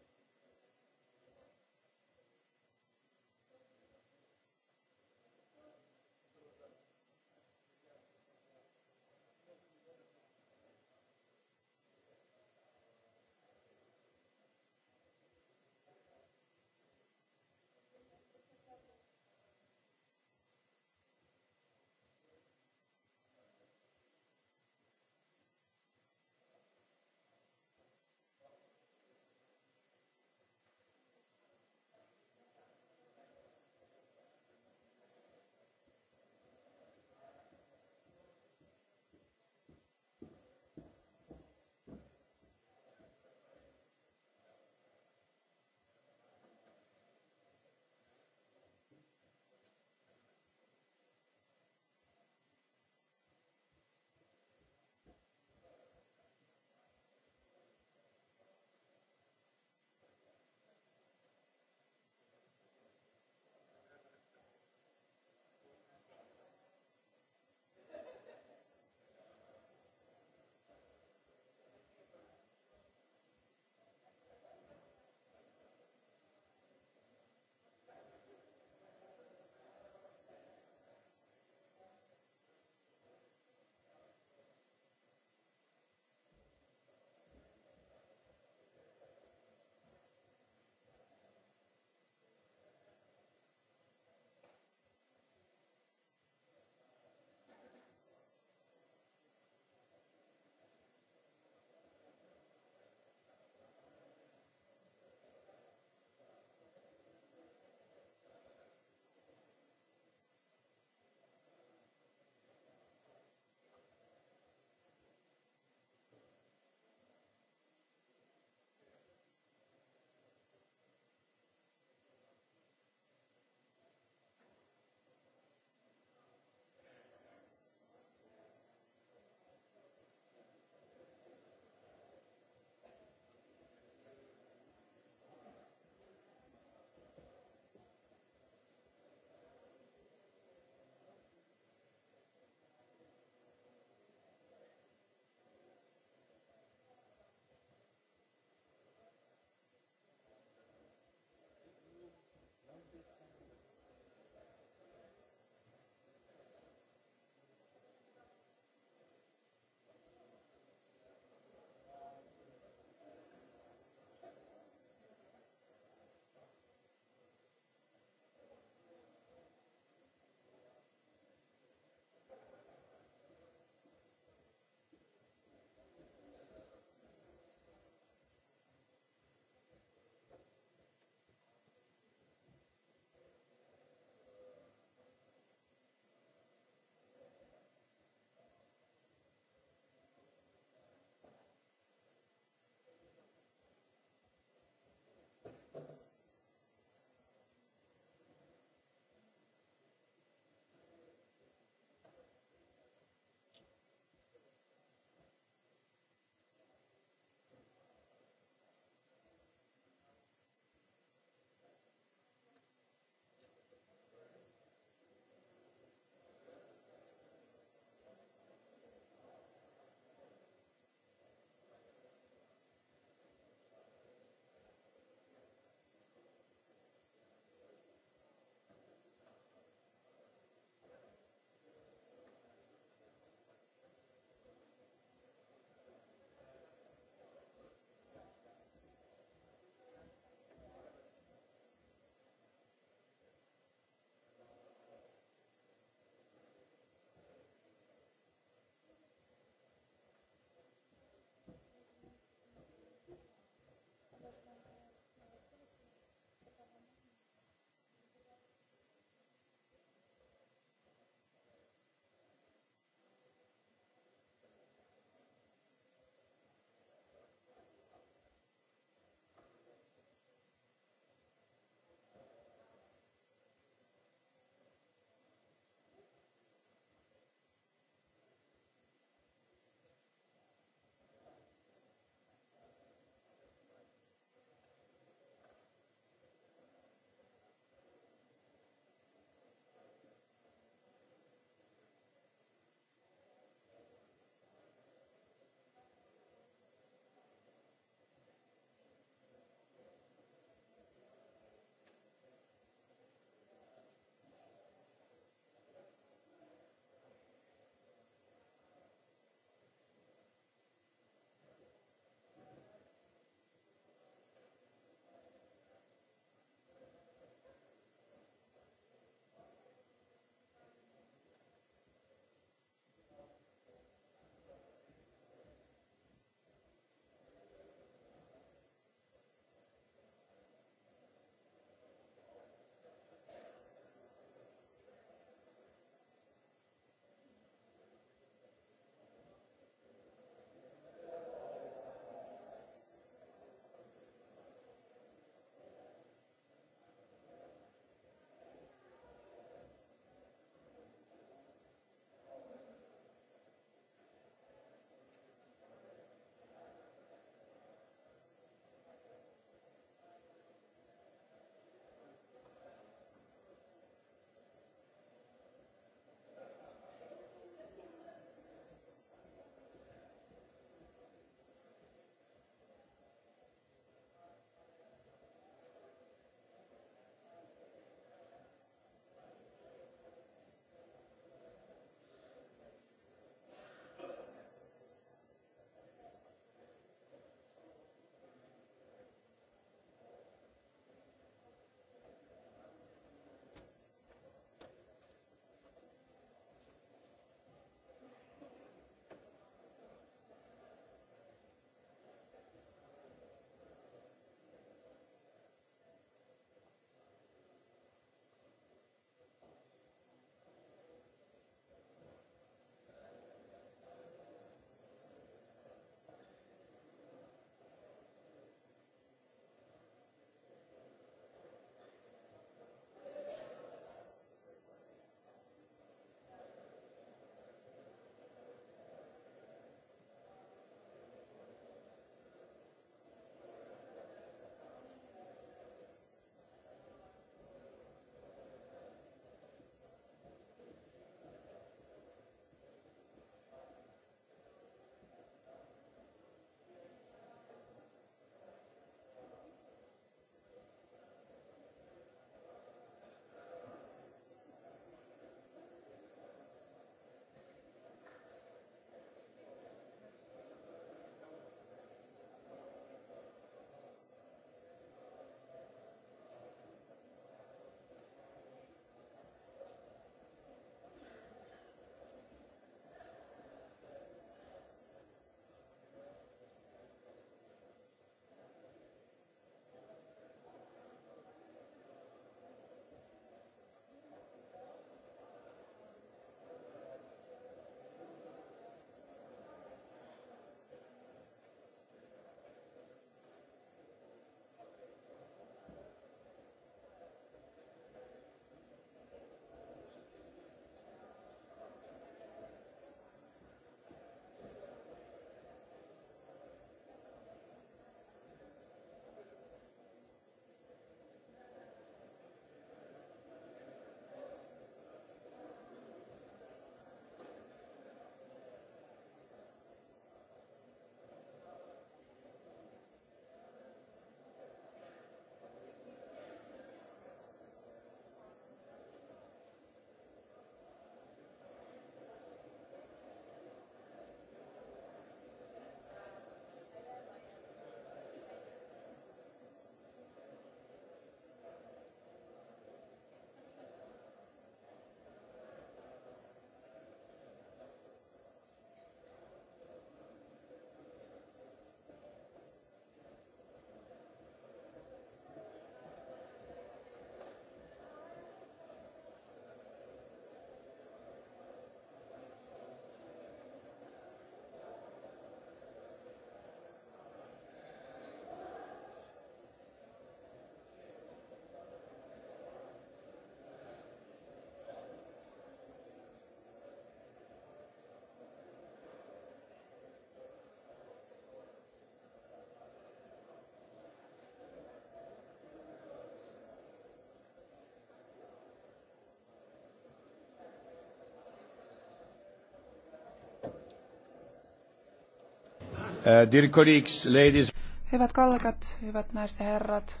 Uh, dear colleagues, ladies. Hyvät kollegat, hyvät naiset ja herrat,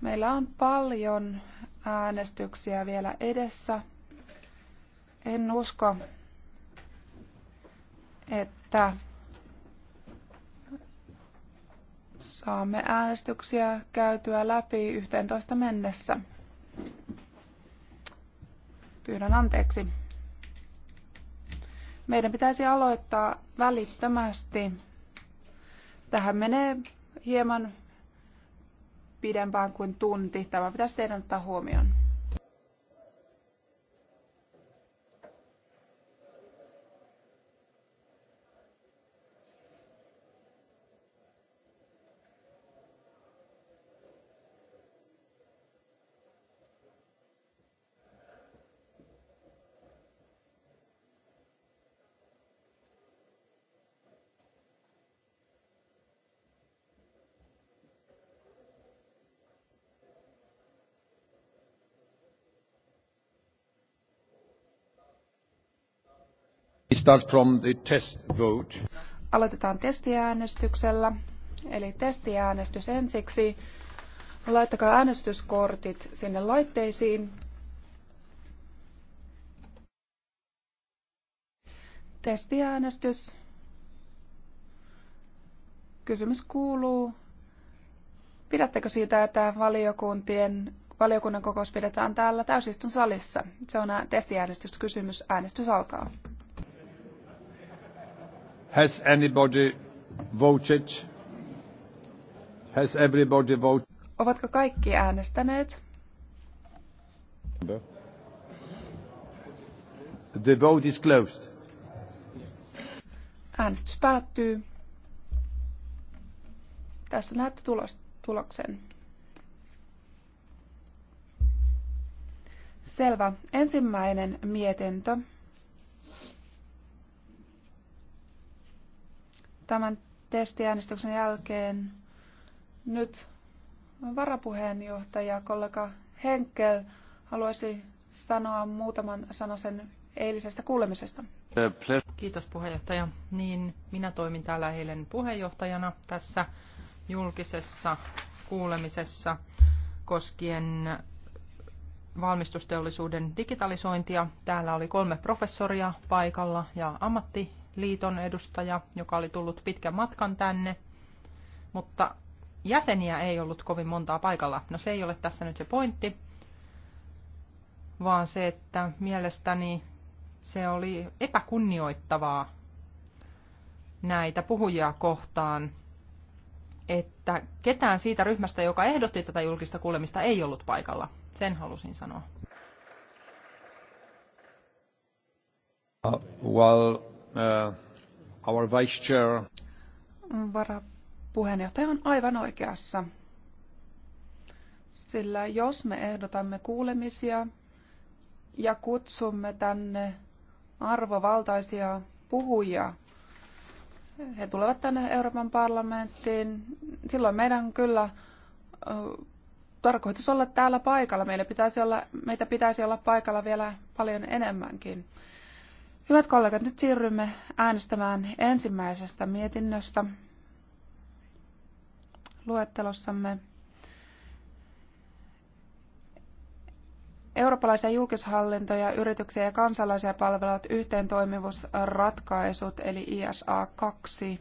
meillä on paljon äänestyksiä vielä edessä. En usko, että saamme äänestyksiä käytyä läpi 11 mennessä. Pyydän anteeksi. Meidän pitäisi aloittaa välittömästi Tähän menee hieman pidempään kuin tunti. Tämä pitäisi teidän ottaa huomioon. start from the test vote. Aloitetaan testiäänestyksellä. Eli testiäänestys ensiksi. Laittakaa äänestyskortit sinne laitteisiin. Testiäänestys. Kysymys kuuluu, pidättekö siitä, että valiokuntien, valiokunnan kokous pidetään täällä täysistun salissa? Se on testiäänestyskysymys. Äänestys alkaa. Has anybody voted? Has everybody voted? Ovatko kaikki äänestäneet? The vote is closed. Äänestys päättyy. Tässä näette tulos, tuloksen. Selvä. Ensimmäinen mietintö. tämän testiäänestyksen jälkeen nyt varapuheenjohtaja, kollega Henkel, haluaisi sanoa muutaman sanasen eilisestä kuulemisesta. Kiitos puheenjohtaja. Niin, minä toimin täällä eilen puheenjohtajana tässä julkisessa kuulemisessa koskien valmistusteollisuuden digitalisointia. Täällä oli kolme professoria paikalla ja ammatti liiton edustaja, joka oli tullut pitkän matkan tänne, mutta jäseniä ei ollut kovin montaa paikalla. No se ei ole tässä nyt se pointti, vaan se, että mielestäni se oli epäkunnioittavaa näitä puhujia kohtaan, että ketään siitä ryhmästä, joka ehdotti tätä julkista kuulemista, ei ollut paikalla. Sen halusin sanoa. Uh, well, Uh, Varapuheenjohtaja on aivan oikeassa. Sillä jos me ehdotamme kuulemisia ja kutsumme tänne arvovaltaisia puhujia, he tulevat tänne Euroopan parlamenttiin, silloin meidän kyllä tarkoitus olla täällä paikalla. Meillä pitäisi olla, meitä pitäisi olla paikalla vielä paljon enemmänkin. Hyvät kollegat, nyt siirrymme äänestämään ensimmäisestä mietinnöstä luettelossamme. Eurooppalaisia julkishallintoja, yrityksiä ja kansalaisia yhteen yhteentoimivuusratkaisut eli ISA 2.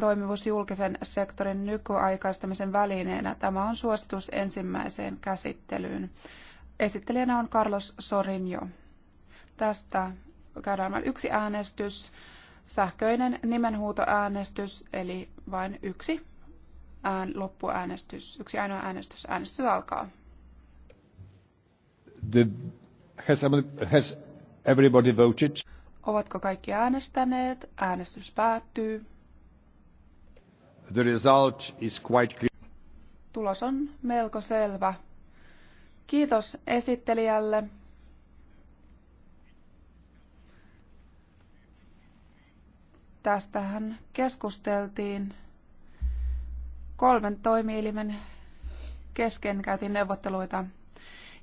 toimivuus julkisen sektorin nykyaikaistamisen välineenä. Tämä on suositus ensimmäiseen käsittelyyn. Esittelijänä on Carlos Sorinjo. Tästä käydään vain yksi äänestys, sähköinen nimenhuutoäänestys, eli vain yksi ään, loppuäänestys, yksi ainoa äänestys. Äänestys alkaa. The, has, has everybody voted? Ovatko kaikki äänestäneet? Äänestys päättyy. The result is quite clear. Tulos on melko selvä. Kiitos esittelijälle. Tästähän keskusteltiin kolmen toimielimen kesken, käytiin neuvotteluita.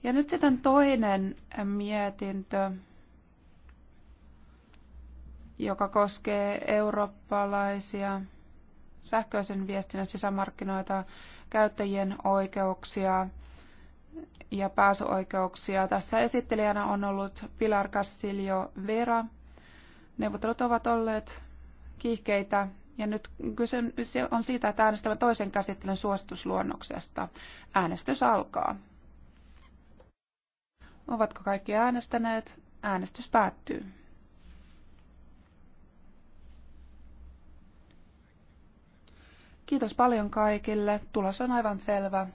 Ja nyt sitten toinen mietintö, joka koskee eurooppalaisia sähköisen viestinnän sisämarkkinoita, käyttäjien oikeuksia ja pääsyoikeuksia. Tässä esittelijänä on ollut Pilar Castillo Vera. Neuvottelut ovat olleet kiihkeitä. Ja nyt kyse on siitä, että äänestämme toisen käsittelyn suositusluonnoksesta. Äänestys alkaa. Ovatko kaikki äänestäneet? Äänestys päättyy. Kiitos paljon kaikille. Tulos on aivan selvä.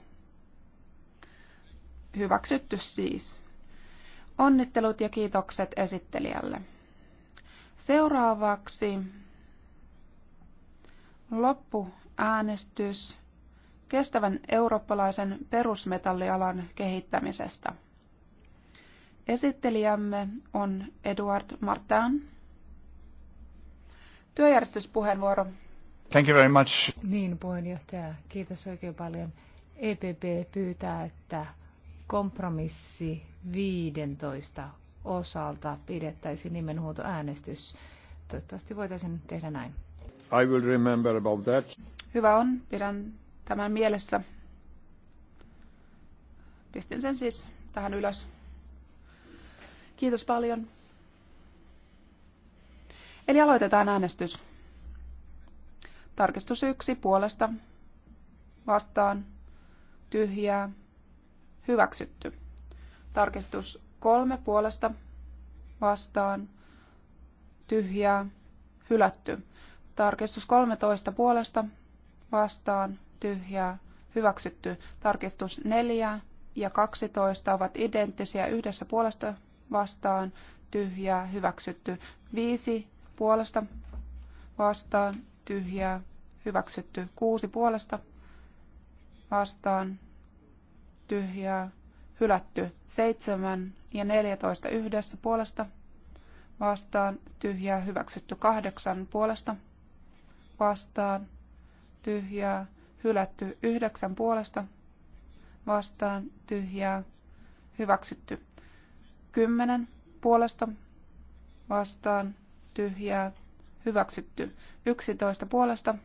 Hyväksytty siis. Onnittelut ja kiitokset esittelijälle. Seuraavaksi Loppuäänestys kestävän eurooppalaisen perusmetallialan kehittämisestä. Esittelijämme on Eduard Martin. Työjärjestyspuheenvuoro. Thank you very much. Niin, puheenjohtaja. Kiitos oikein paljon. EPP pyytää, että kompromissi 15 osalta pidettäisiin nimenhuoltoäänestys. Toivottavasti voitaisiin tehdä näin. I will remember about that. Hyvä on, pidän tämän mielessä. Pistin sen siis tähän ylös. Kiitos paljon. Eli aloitetaan äänestys. Tarkistus yksi puolesta. Vastaan. Tyhjää. Hyväksytty. Tarkistus kolme puolesta. Vastaan. Tyhjää. Hylätty. Tarkistus 13 puolesta vastaan tyhjää hyväksytty. Tarkistus 4 ja 12 ovat identtisiä yhdessä puolesta vastaan tyhjää hyväksytty. 5 puolesta vastaan tyhjää hyväksytty. 6 puolesta vastaan tyhjää hylätty. 7 ja 14 yhdessä puolesta vastaan tyhjää hyväksytty. 8 puolesta vastaan, vastaan, tyhjää, hylätty. Yhdeksän puolesta vastaan, tyhjää, hyväksytty. Kymmenen puolesta vastaan, tyhjää, hyväksytty. Yksitoista puolesta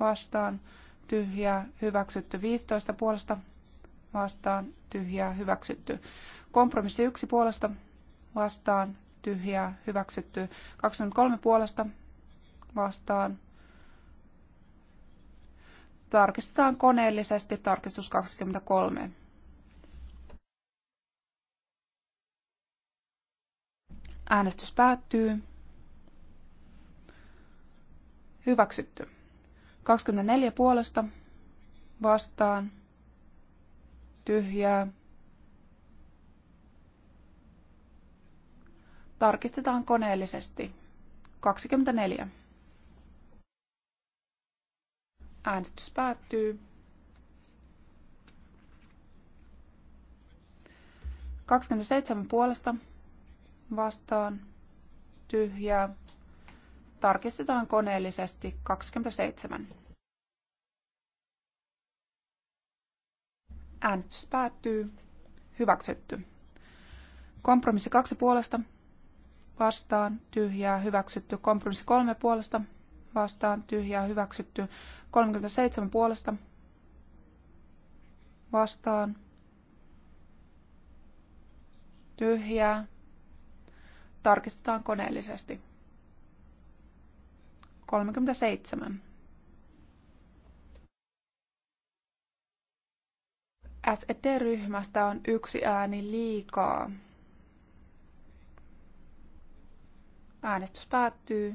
vastaan, tyhjää, hyväksytty. Viisitoista puolesta vastaan, tyhjää, hyväksytty. Kompromissi yksi puolesta vastaan, tyhjää, hyväksytty. 23 puolesta vastaan, Tarkistetaan koneellisesti tarkistus 23. Äänestys päättyy. Hyväksytty. 24 puolesta vastaan. Tyhjää. Tarkistetaan koneellisesti. 24. Äänestys päättyy. 27 puolesta vastaan tyhjää. Tarkistetaan koneellisesti 27. Äänestys päättyy. Hyväksytty. Kompromissi 2 puolesta vastaan tyhjää hyväksytty. Kompromissi 3 puolesta vastaan tyhjää hyväksytty. 37 puolesta vastaan tyhjää. Tarkistetaan koneellisesti. 37. SET-ryhmästä on yksi ääni liikaa. Äänestys päättyy.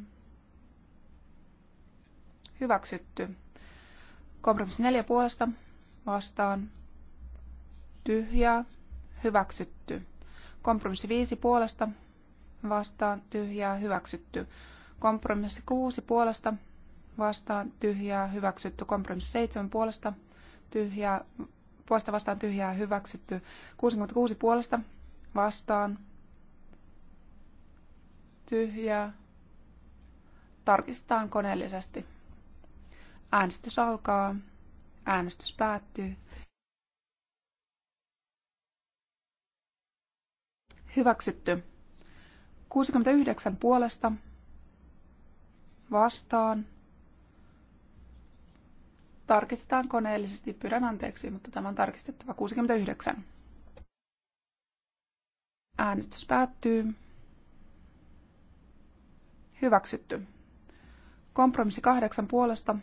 Hyväksytty. Kompromissi neljä puolesta vastaan tyhjää hyväksytty. Kompromissi viisi puolesta vastaan tyhjää hyväksytty. Kompromissi kuusi puolesta vastaan tyhjää hyväksytty. Kompromissi seitsemän puolesta tyhjää puolesta vastaan tyhjää hyväksytty. 66 puolesta vastaan tyhjää. Tarkistetaan koneellisesti. Äänestys alkaa. Äänestys päättyy. Hyväksytty. 69 puolesta. Vastaan. Tarkistetaan koneellisesti. Pyydän anteeksi, mutta tämä on tarkistettava. 69. Äänestys päättyy. Hyväksytty. Kompromissi kahdeksan puolesta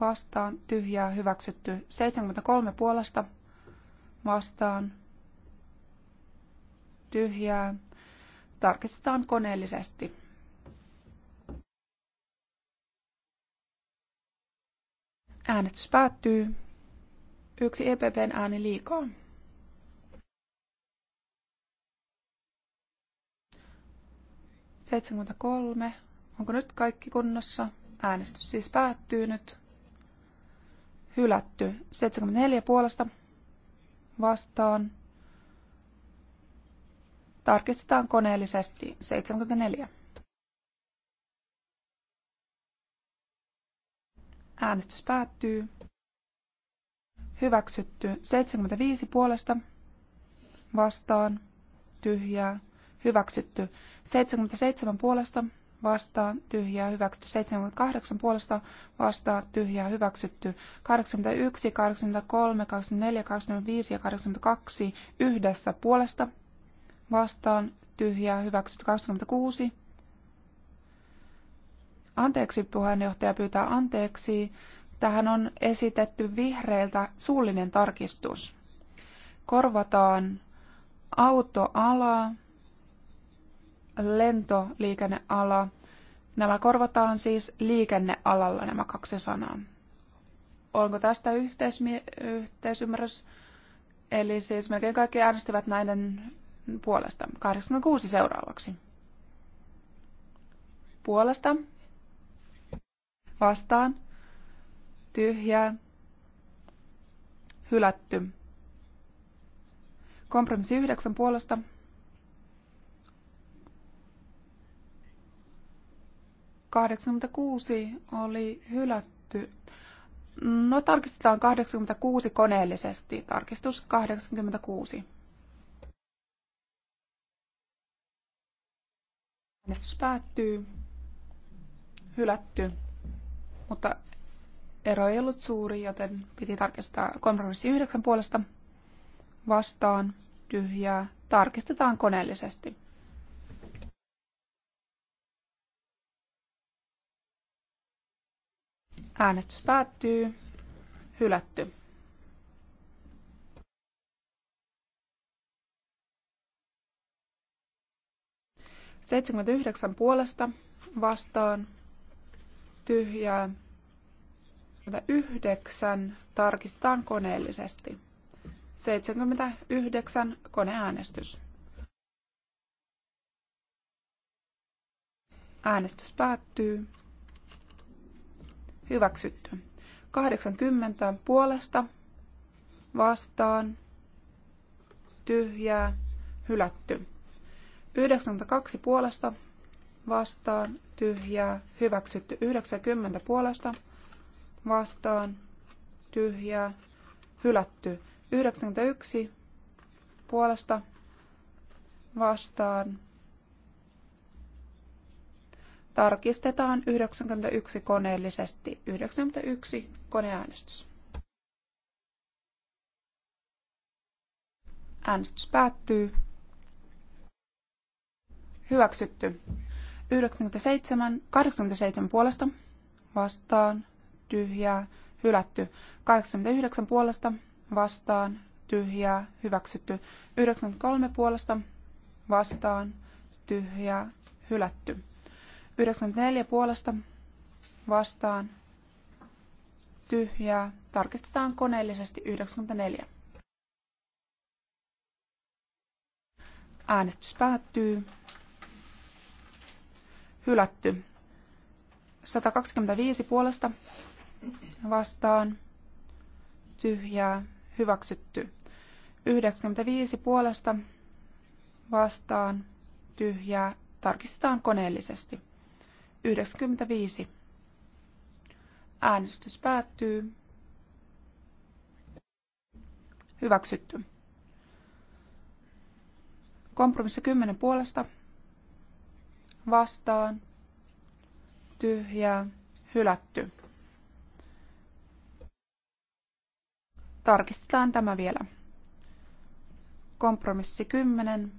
vastaan, tyhjää, hyväksytty. 73 puolesta vastaan, tyhjää. Tarkistetaan koneellisesti. Äänestys päättyy. Yksi EPPn ääni liikaa. Seitsemänkymmentäkolme. Onko nyt kaikki kunnossa? Äänestys siis päättyy nyt hylätty. 74 puolesta vastaan. Tarkistetaan koneellisesti 74. Äänestys päättyy. Hyväksytty 75 puolesta vastaan. Tyhjää. Hyväksytty 77 puolesta vastaan tyhjää hyväksytty. 78 puolesta vastaan tyhjää hyväksytty. 81, 83, 84, 85 ja 82 yhdessä puolesta vastaan tyhjää hyväksytty. 26 anteeksi, puheenjohtaja pyytää anteeksi. Tähän on esitetty vihreiltä suullinen tarkistus. Korvataan autoala lentoliikenneala. Nämä korvataan siis liikennealalla nämä kaksi sanaa. Onko tästä yhteismi- yhteisymmärrys? Eli siis melkein kaikki äänestivät näiden puolesta. 86 seuraavaksi. Puolesta. Vastaan. Tyhjää. Hylätty. Kompromissi 9 puolesta 86 oli hylätty. No tarkistetaan 86 koneellisesti. Tarkistus 86. Äänestys päättyy. Hylätty. Mutta ero ei ollut suuri, joten piti tarkistaa kompromissi 9 puolesta vastaan tyhjää. Tarkistetaan koneellisesti. Äänestys päättyy. Hylätty. Seitsemänkymmentäyhdeksän puolesta vastaan tyhjää. Yhdeksän tarkistetaan koneellisesti. 79 koneäänestys. Äänestys päättyy. Hyväksytty. 80 puolesta vastaan tyhjää hylätty. 92 puolesta vastaan tyhjää hyväksytty. 90 puolesta vastaan tyhjää hylätty. 91 puolesta vastaan Tarkistetaan 91 koneellisesti. 91 koneäänestys. Äänestys päättyy. Hyväksytty. 97, 87 puolesta. Vastaan. Tyhjää. Hylätty. 89 puolesta. Vastaan. Tyhjää. Hyväksytty. 93 puolesta. Vastaan. Tyhjää. Hylätty. 94 puolesta vastaan tyhjää. Tarkistetaan koneellisesti 94. Äänestys päättyy. Hylätty. 125 puolesta vastaan tyhjää. Hyväksytty. 95 puolesta vastaan tyhjää. Tarkistetaan koneellisesti. 95. Äänestys päättyy. Hyväksytty. Kompromissi 10 puolesta. Vastaan. Tyhjää. Hylätty. Tarkistetaan tämä vielä. Kompromissi 10.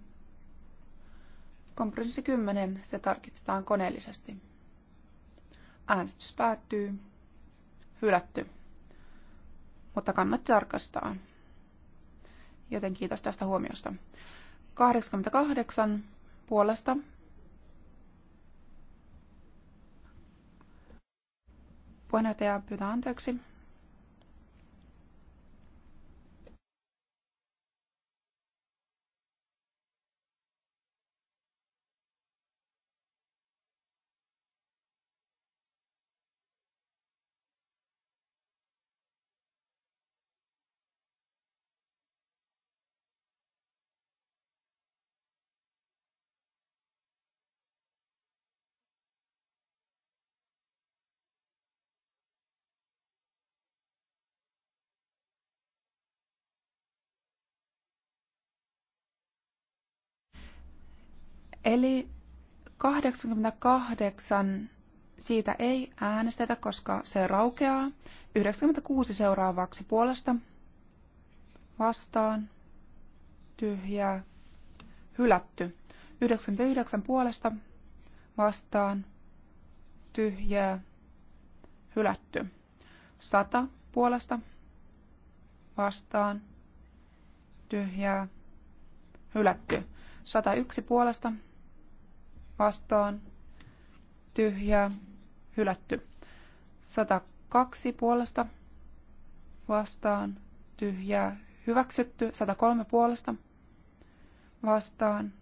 Kompromissi 10. Se tarkistetaan koneellisesti. Äänestys päättyy. Hylätty. Mutta kannatti tarkastaa. Joten kiitos tästä huomiosta. 88 puolesta puheenjohtaja pyytää anteeksi. Eli 88 siitä ei äänestetä, koska se raukeaa. 96 seuraavaksi puolesta. Vastaan. Tyhjää. Hylätty. 99 puolesta. Vastaan. Tyhjää. Hylätty. 100 puolesta. Vastaan. Tyhjää. Hylätty. 101 puolesta vastaan, tyhjää, hylätty. 102 puolesta vastaan, tyhjää, hyväksytty. 103 puolesta vastaan,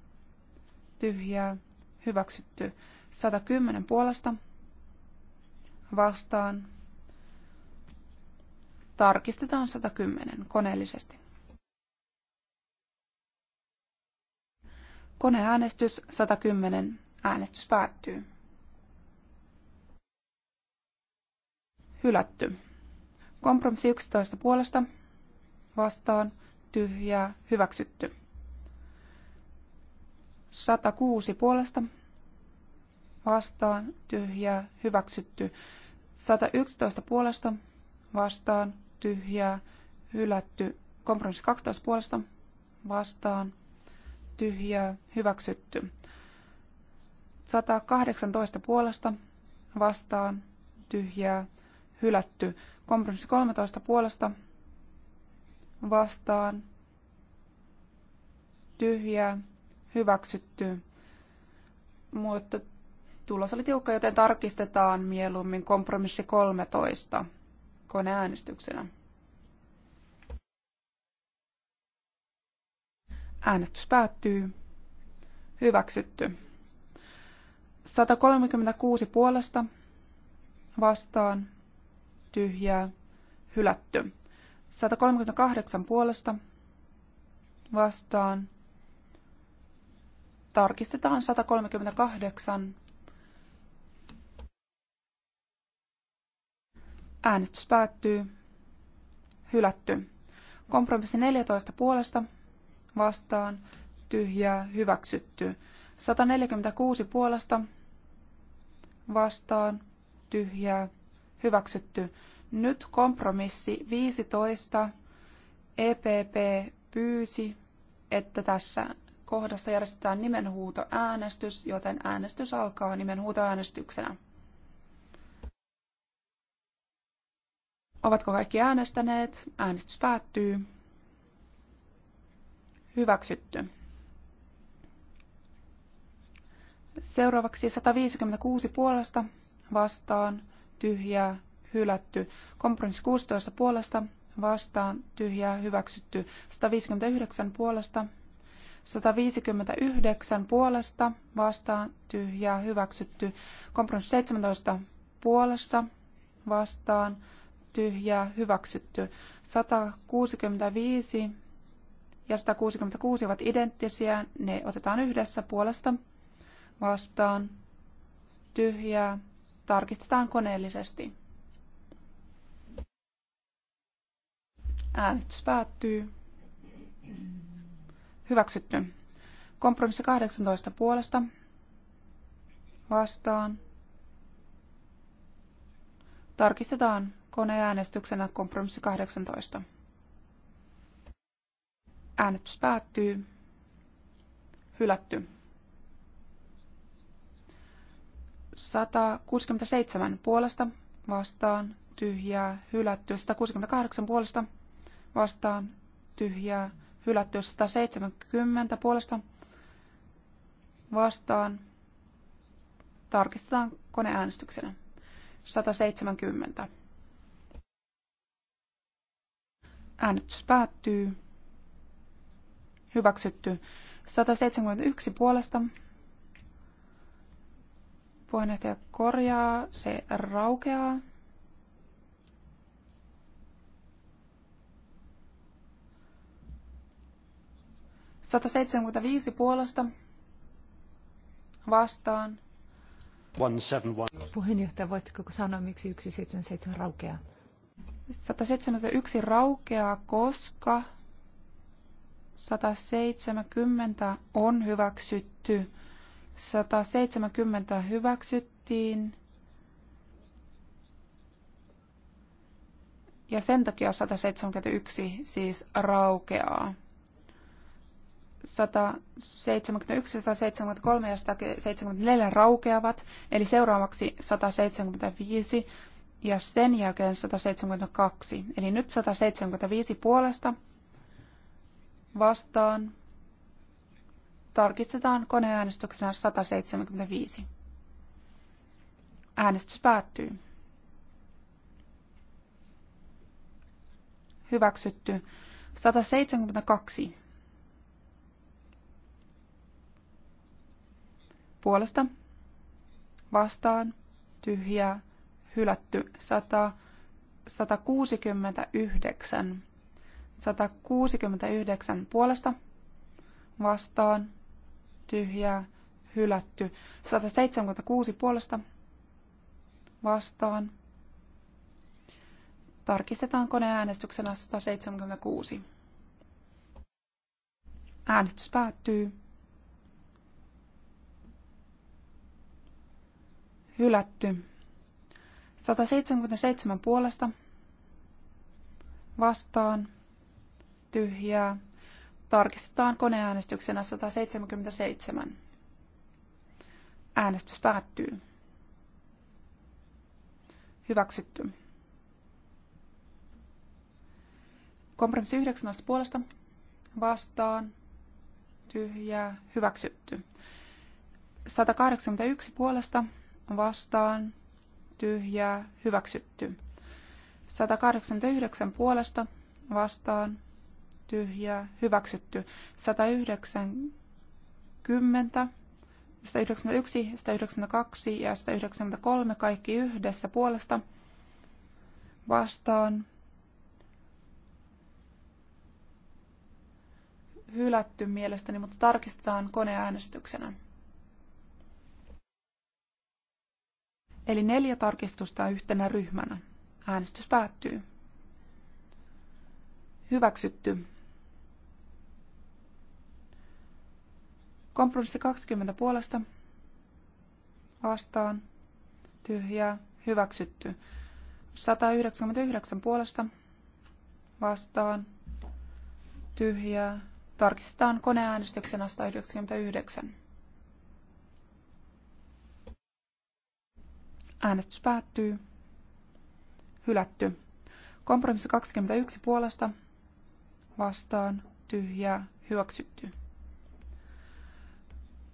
tyhjää, hyväksytty. 110 puolesta vastaan, tarkistetaan 110 koneellisesti. Koneäänestys 110. Äänestys päättyy. Hylätty. Kompromissi 11 puolesta. Vastaan. Tyhjää. Hyväksytty. 106 puolesta. Vastaan. Tyhjää. Hyväksytty. 111 puolesta. Vastaan. Tyhjää. Hylätty. Kompromissi 12 puolesta. Vastaan. Tyhjää. Hyväksytty. 118 puolesta vastaan tyhjää hylätty. Kompromissi 13 puolesta vastaan tyhjää hyväksytty. Mutta tulos oli tiukka, joten tarkistetaan mieluummin kompromissi 13 koneäänestyksenä. Äänestys päättyy. Hyväksytty. 136 puolesta vastaan tyhjää hylätty. 138 puolesta vastaan tarkistetaan 138. Äänestys päättyy. Hylätty. Kompromissi 14 puolesta vastaan tyhjää hyväksytty. 146 puolesta vastaan tyhjää hyväksytty. Nyt kompromissi 15. EPP pyysi, että tässä kohdassa järjestetään nimenhuutoäänestys, joten äänestys alkaa nimenhuutoäänestyksenä. Ovatko kaikki äänestäneet? Äänestys päättyy. Hyväksytty. Seuraavaksi 156 puolesta vastaan tyhjää hylätty. Kompromissi 16 puolesta vastaan tyhjää hyväksytty. 159 puolesta 159 puolesta vastaan tyhjää hyväksytty. Kompromissi 17 puolesta vastaan tyhjää hyväksytty. 165 ja 166 ovat identtisiä, ne otetaan yhdessä puolesta vastaan, tyhjää, tarkistetaan koneellisesti. Äänestys päättyy. Hyväksytty. Kompromissi 18 puolesta. Vastaan. Tarkistetaan koneäänestyksenä kompromissi 18. Äänestys päättyy. Hylätty. 167 puolesta vastaan tyhjää hylätty. 168 puolesta vastaan tyhjää hylätty. 170 puolesta vastaan tarkistetaan koneäänestyksenä. 170. Äänestys päättyy. Hyväksytty. 171 puolesta Puheenjohtaja korjaa, se raukeaa. Sataseitsemänkymmentäviisi puolesta vastaan. 171. Puheenjohtaja, voitteko sanoa, miksi 177 raukeaa? 171 raukeaa, koska 170 on hyväksytty. 170 hyväksyttiin. Ja sen takia 171 siis raukeaa. 171, 173 ja 174 raukeavat, eli seuraavaksi 175 ja sen jälkeen 172. Eli nyt 175 puolesta vastaan Tarkistetaan koneäänestyksenä 175. Äänestys päättyy. Hyväksytty. 172. Puolesta. Vastaan. Tyhjää. Hylätty. 100. 169. 169 puolesta. Vastaan tyhjää, hylätty. 176 puolesta vastaan. Tarkistetaan koneäänestyksellä 176. Äänestys päättyy. Hylätty. 177 puolesta vastaan. Tyhjää. Tarkistetaan koneäänestyksenä 177. Äänestys päättyy. Hyväksytty. Kompromissi 19 puolesta vastaan tyhjää hyväksytty. 181 puolesta vastaan tyhjää hyväksytty. 189 puolesta vastaan tyhjää, hyväksytty. 190, 191, 192 ja 193 kaikki yhdessä puolesta vastaan. Hylätty mielestäni, mutta tarkistetaan koneäänestyksenä. Eli neljä tarkistusta yhtenä ryhmänä. Äänestys päättyy. Hyväksytty. Kompromissi 20 puolesta vastaan tyhjää hyväksytty. 199 puolesta vastaan tyhjää. Tarkistetaan koneäänestyksen 199. Äänestys päättyy. Hylätty. Kompromissi 21 puolesta vastaan tyhjää hyväksytty.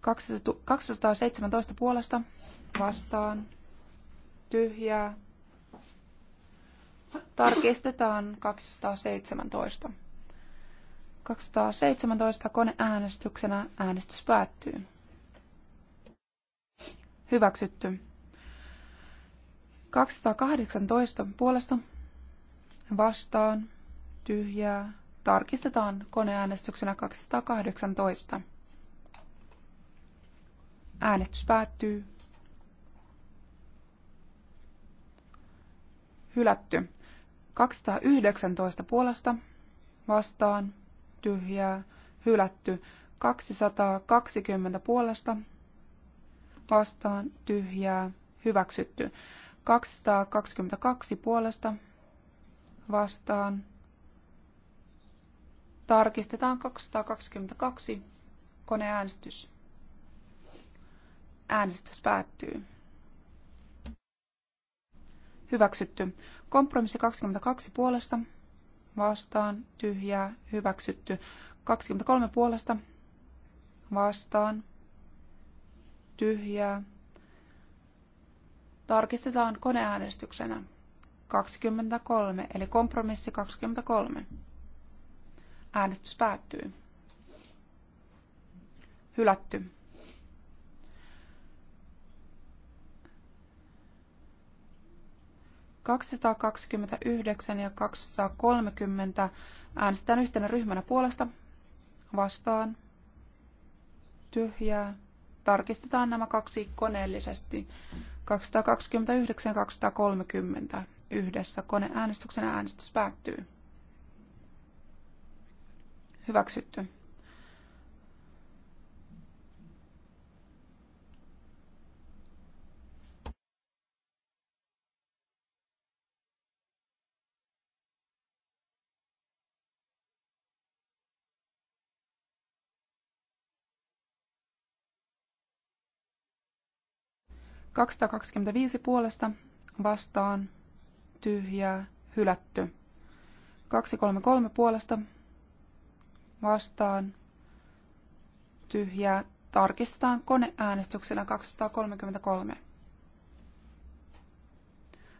217 puolesta vastaan tyhjää. Tarkistetaan 217. 217 koneäänestyksenä äänestys päättyy. Hyväksytty. 218 puolesta vastaan tyhjää. Tarkistetaan koneäänestyksenä 218. Äänestys päättyy. Hylätty. 219 puolesta vastaan tyhjää hylätty. 220 puolesta vastaan tyhjää hyväksytty. 222 puolesta vastaan. Tarkistetaan 222 koneäänestys. Äänestys päättyy. Hyväksytty. Kompromissi 22 puolesta. Vastaan. Tyhjää. Hyväksytty. 23 puolesta. Vastaan. Tyhjää. Tarkistetaan koneäänestyksenä. 23, eli kompromissi 23. Äänestys päättyy. Hylätty. 229 ja 230 äänestetään yhtenä ryhmänä puolesta vastaan tyhjää. Tarkistetaan nämä kaksi koneellisesti. 229 ja 230 yhdessä. Koneäänestyksen äänestys päättyy. Hyväksytty. 225 puolesta vastaan tyhjää hylätty. 233 puolesta vastaan tyhjää tarkistetaan koneäänestyksellä 233.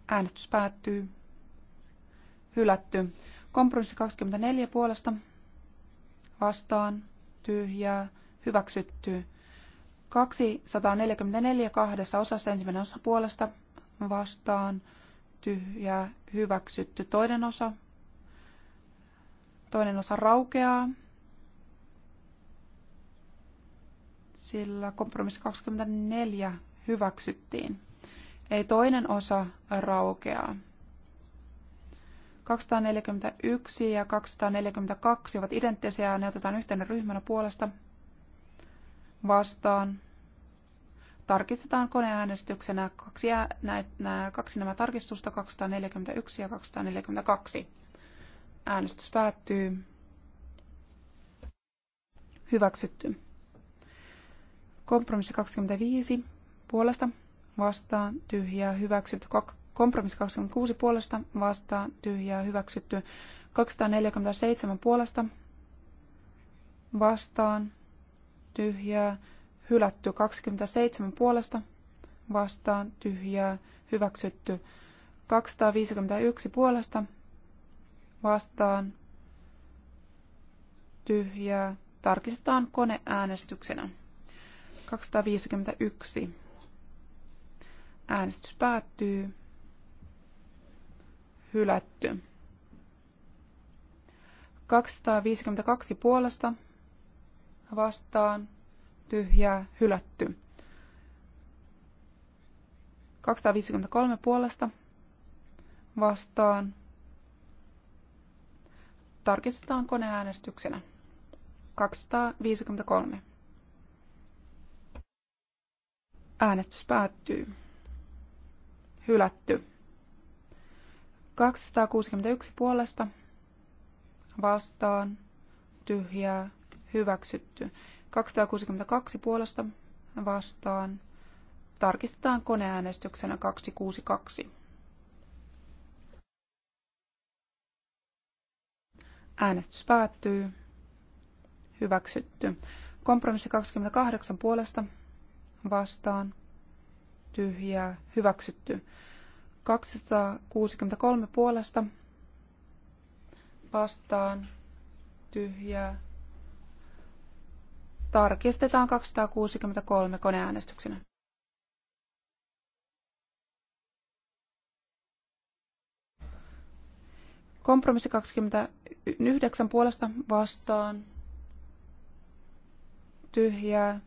Äänestys päättyy. Hylätty. Kompromissi 24 puolesta vastaan tyhjää hyväksytty. 244 kahdessa osassa ensimmäinen osa puolesta vastaan tyhjä hyväksytty toinen osa. Toinen osa raukeaa. Sillä kompromissi 24 hyväksyttiin. Ei toinen osa raukeaa. 241 ja 242 ovat identtisiä, ne otetaan yhtenä ryhmänä puolesta vastaan. Tarkistetaan koneäänestyksenä kaksi, nämä, kaksi nämä tarkistusta, 241 ja 242. Äänestys päättyy. Hyväksytty. Kompromissi 25 puolesta vastaan tyhjää hyväksytty. Kompromissi 26 puolesta vastaan tyhjää hyväksytty. 247 puolesta vastaan tyhjää, hylätty 27 puolesta, vastaan tyhjää, hyväksytty 251 puolesta, vastaan tyhjää, tarkistetaan koneäänestyksenä. 251. Äänestys päättyy. Hylätty. 252 puolesta, vastaan tyhjää hylätty. 253 puolesta vastaan. Tarkistetaan koneäänestyksenä. 253. Äänestys päättyy. Hylätty. 261 puolesta vastaan tyhjää hyväksytty. 262 puolesta vastaan. Tarkistetaan koneäänestyksenä 262. Äänestys päättyy. Hyväksytty. Kompromissi 28 puolesta vastaan. Tyhjää. Hyväksytty. 263 puolesta vastaan. Tyhjää Tarkistetaan 263 koneäänestyksenä. Kompromissi 29 puolesta vastaan. Tyhjää.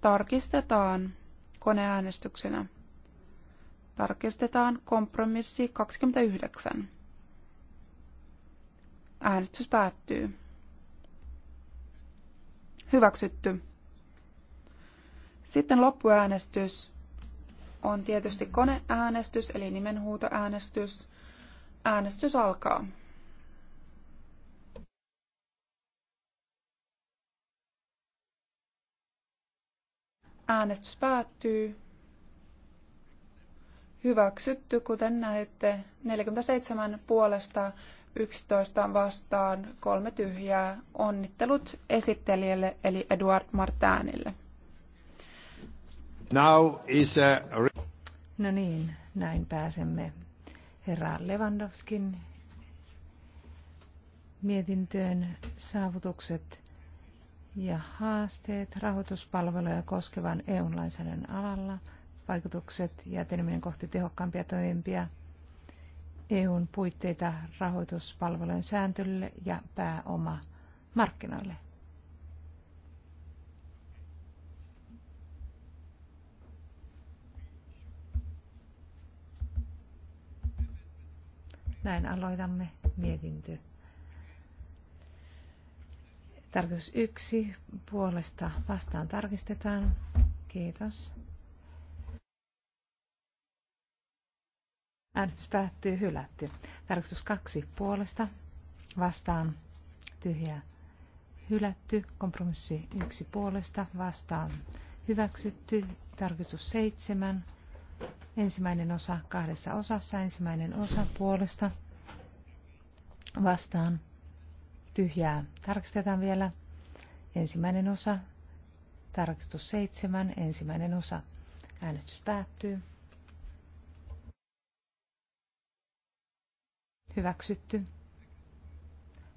Tarkistetaan koneäänestyksenä. Tarkistetaan kompromissi 29. Äänestys päättyy. Hyväksytty. Sitten loppuäänestys on tietysti koneäänestys, eli nimenhuutoäänestys. Äänestys alkaa. Äänestys päättyy. Hyväksytty, kuten näette, 47 puolesta, 11 vastaan, kolme tyhjää. Onnittelut esittelijälle eli Eduard Martinille. Now is a... No niin, näin pääsemme herra Lewandowskin mietintöön saavutukset ja haasteet rahoituspalveluja koskevan EU-lainsäädännön alalla, vaikutukset ja eteneminen kohti tehokkaampia toimimpia – EUn puitteita rahoituspalvelujen sääntelylle ja pääoma markkinoille. Näin aloitamme mietintö. Tarkoitus yksi puolesta vastaan tarkistetaan. Kiitos. Äänestys päättyy hylätty. Tarkastus kaksi puolesta vastaan tyhjää hylätty. Kompromissi yksi puolesta vastaan hyväksytty. Tarkistus seitsemän. Ensimmäinen osa kahdessa osassa. Ensimmäinen osa puolesta vastaan tyhjää. Tarkistetaan vielä. Ensimmäinen osa. Tarkistus seitsemän. Ensimmäinen osa. Äänestys päättyy. Hyväksytty.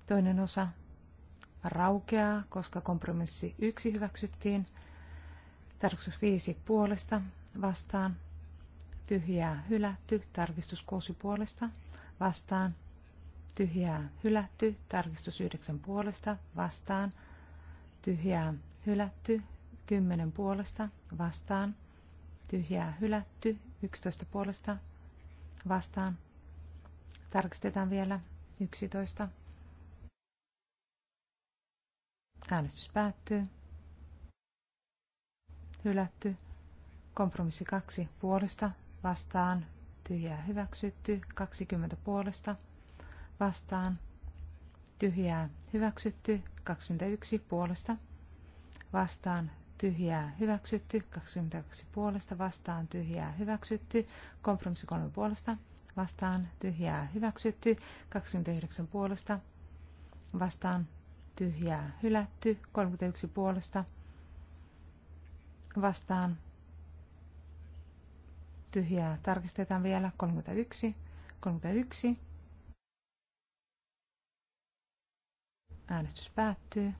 Toinen osa raukeaa, koska kompromissi 1 hyväksyttiin. Tarkistus 5 puolesta vastaan. Tyhjää hylätty. Tarkistus 6 puolesta vastaan. Tyhjää hylätty. Tarkistus 9 puolesta vastaan. Tyhjää hylätty. 10 puolesta vastaan. Tyhjää hylätty. 11 puolesta vastaan. Tarkistetaan vielä 11. Äänestys päättyy. Hylätty. Kompromissi 2 puolesta vastaan. Tyhjää hyväksytty. 20 puolesta vastaan. Tyhjää hyväksytty. 21 puolesta vastaan tyhjää hyväksytty, 22 puolesta vastaan tyhjää hyväksytty, kompromissi 3 puolesta vastaan tyhjää hyväksytty, 29 puolesta vastaan tyhjää hylätty, 31 puolesta vastaan tyhjää tarkistetaan vielä, 31, 31. Äänestys päättyy.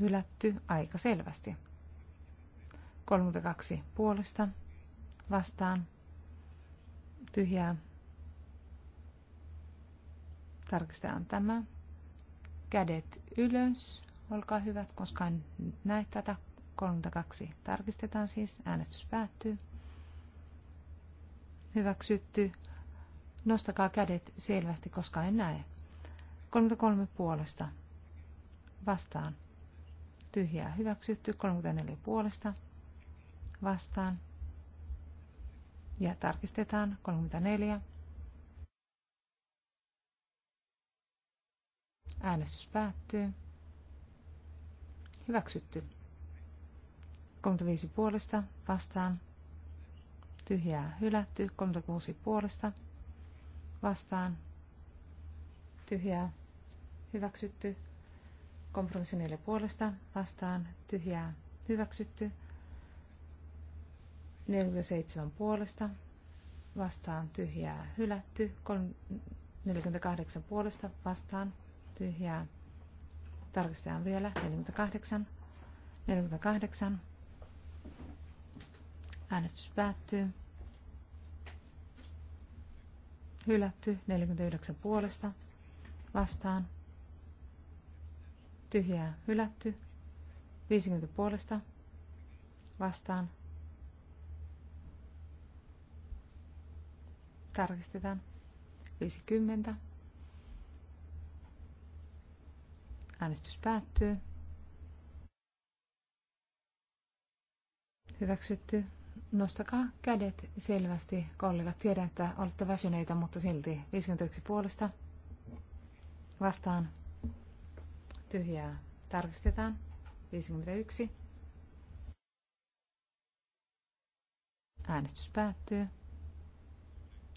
Hylätty aika selvästi. 32 puolesta vastaan tyhjää. Tarkistetaan tämä. Kädet ylös. Olkaa hyvät, koska en näe tätä. 32. Tarkistetaan siis. Äänestys päättyy. Hyväksytty. Nostakaa kädet selvästi, koska en näe. 33 puolesta. Vastaan. Tyhjää hyväksytty. 34 puolesta. Vastaan ja tarkistetaan 34. Äänestys päättyy. Hyväksytty. 35 puolesta vastaan. Tyhjää hylätty. 36 puolesta vastaan. Tyhjää hyväksytty. Kompromissi 4 puolesta vastaan. Tyhjää hyväksytty. 47 puolesta vastaan tyhjää hylätty. 48 puolesta vastaan tyhjää. Tarkistetaan vielä. 48. 48. Äänestys päättyy. Hylätty 49 puolesta. Vastaan. Tyhjää hylätty. 50 puolesta. Vastaan. Tarkistetaan. 50. Äänestys päättyy. Hyväksytty. Nostakaa kädet selvästi, kollegat. Tiedän, että olette väsyneitä, mutta silti 51 puolesta vastaan tyhjää. Tarkistetaan. 51. Äänestys päättyy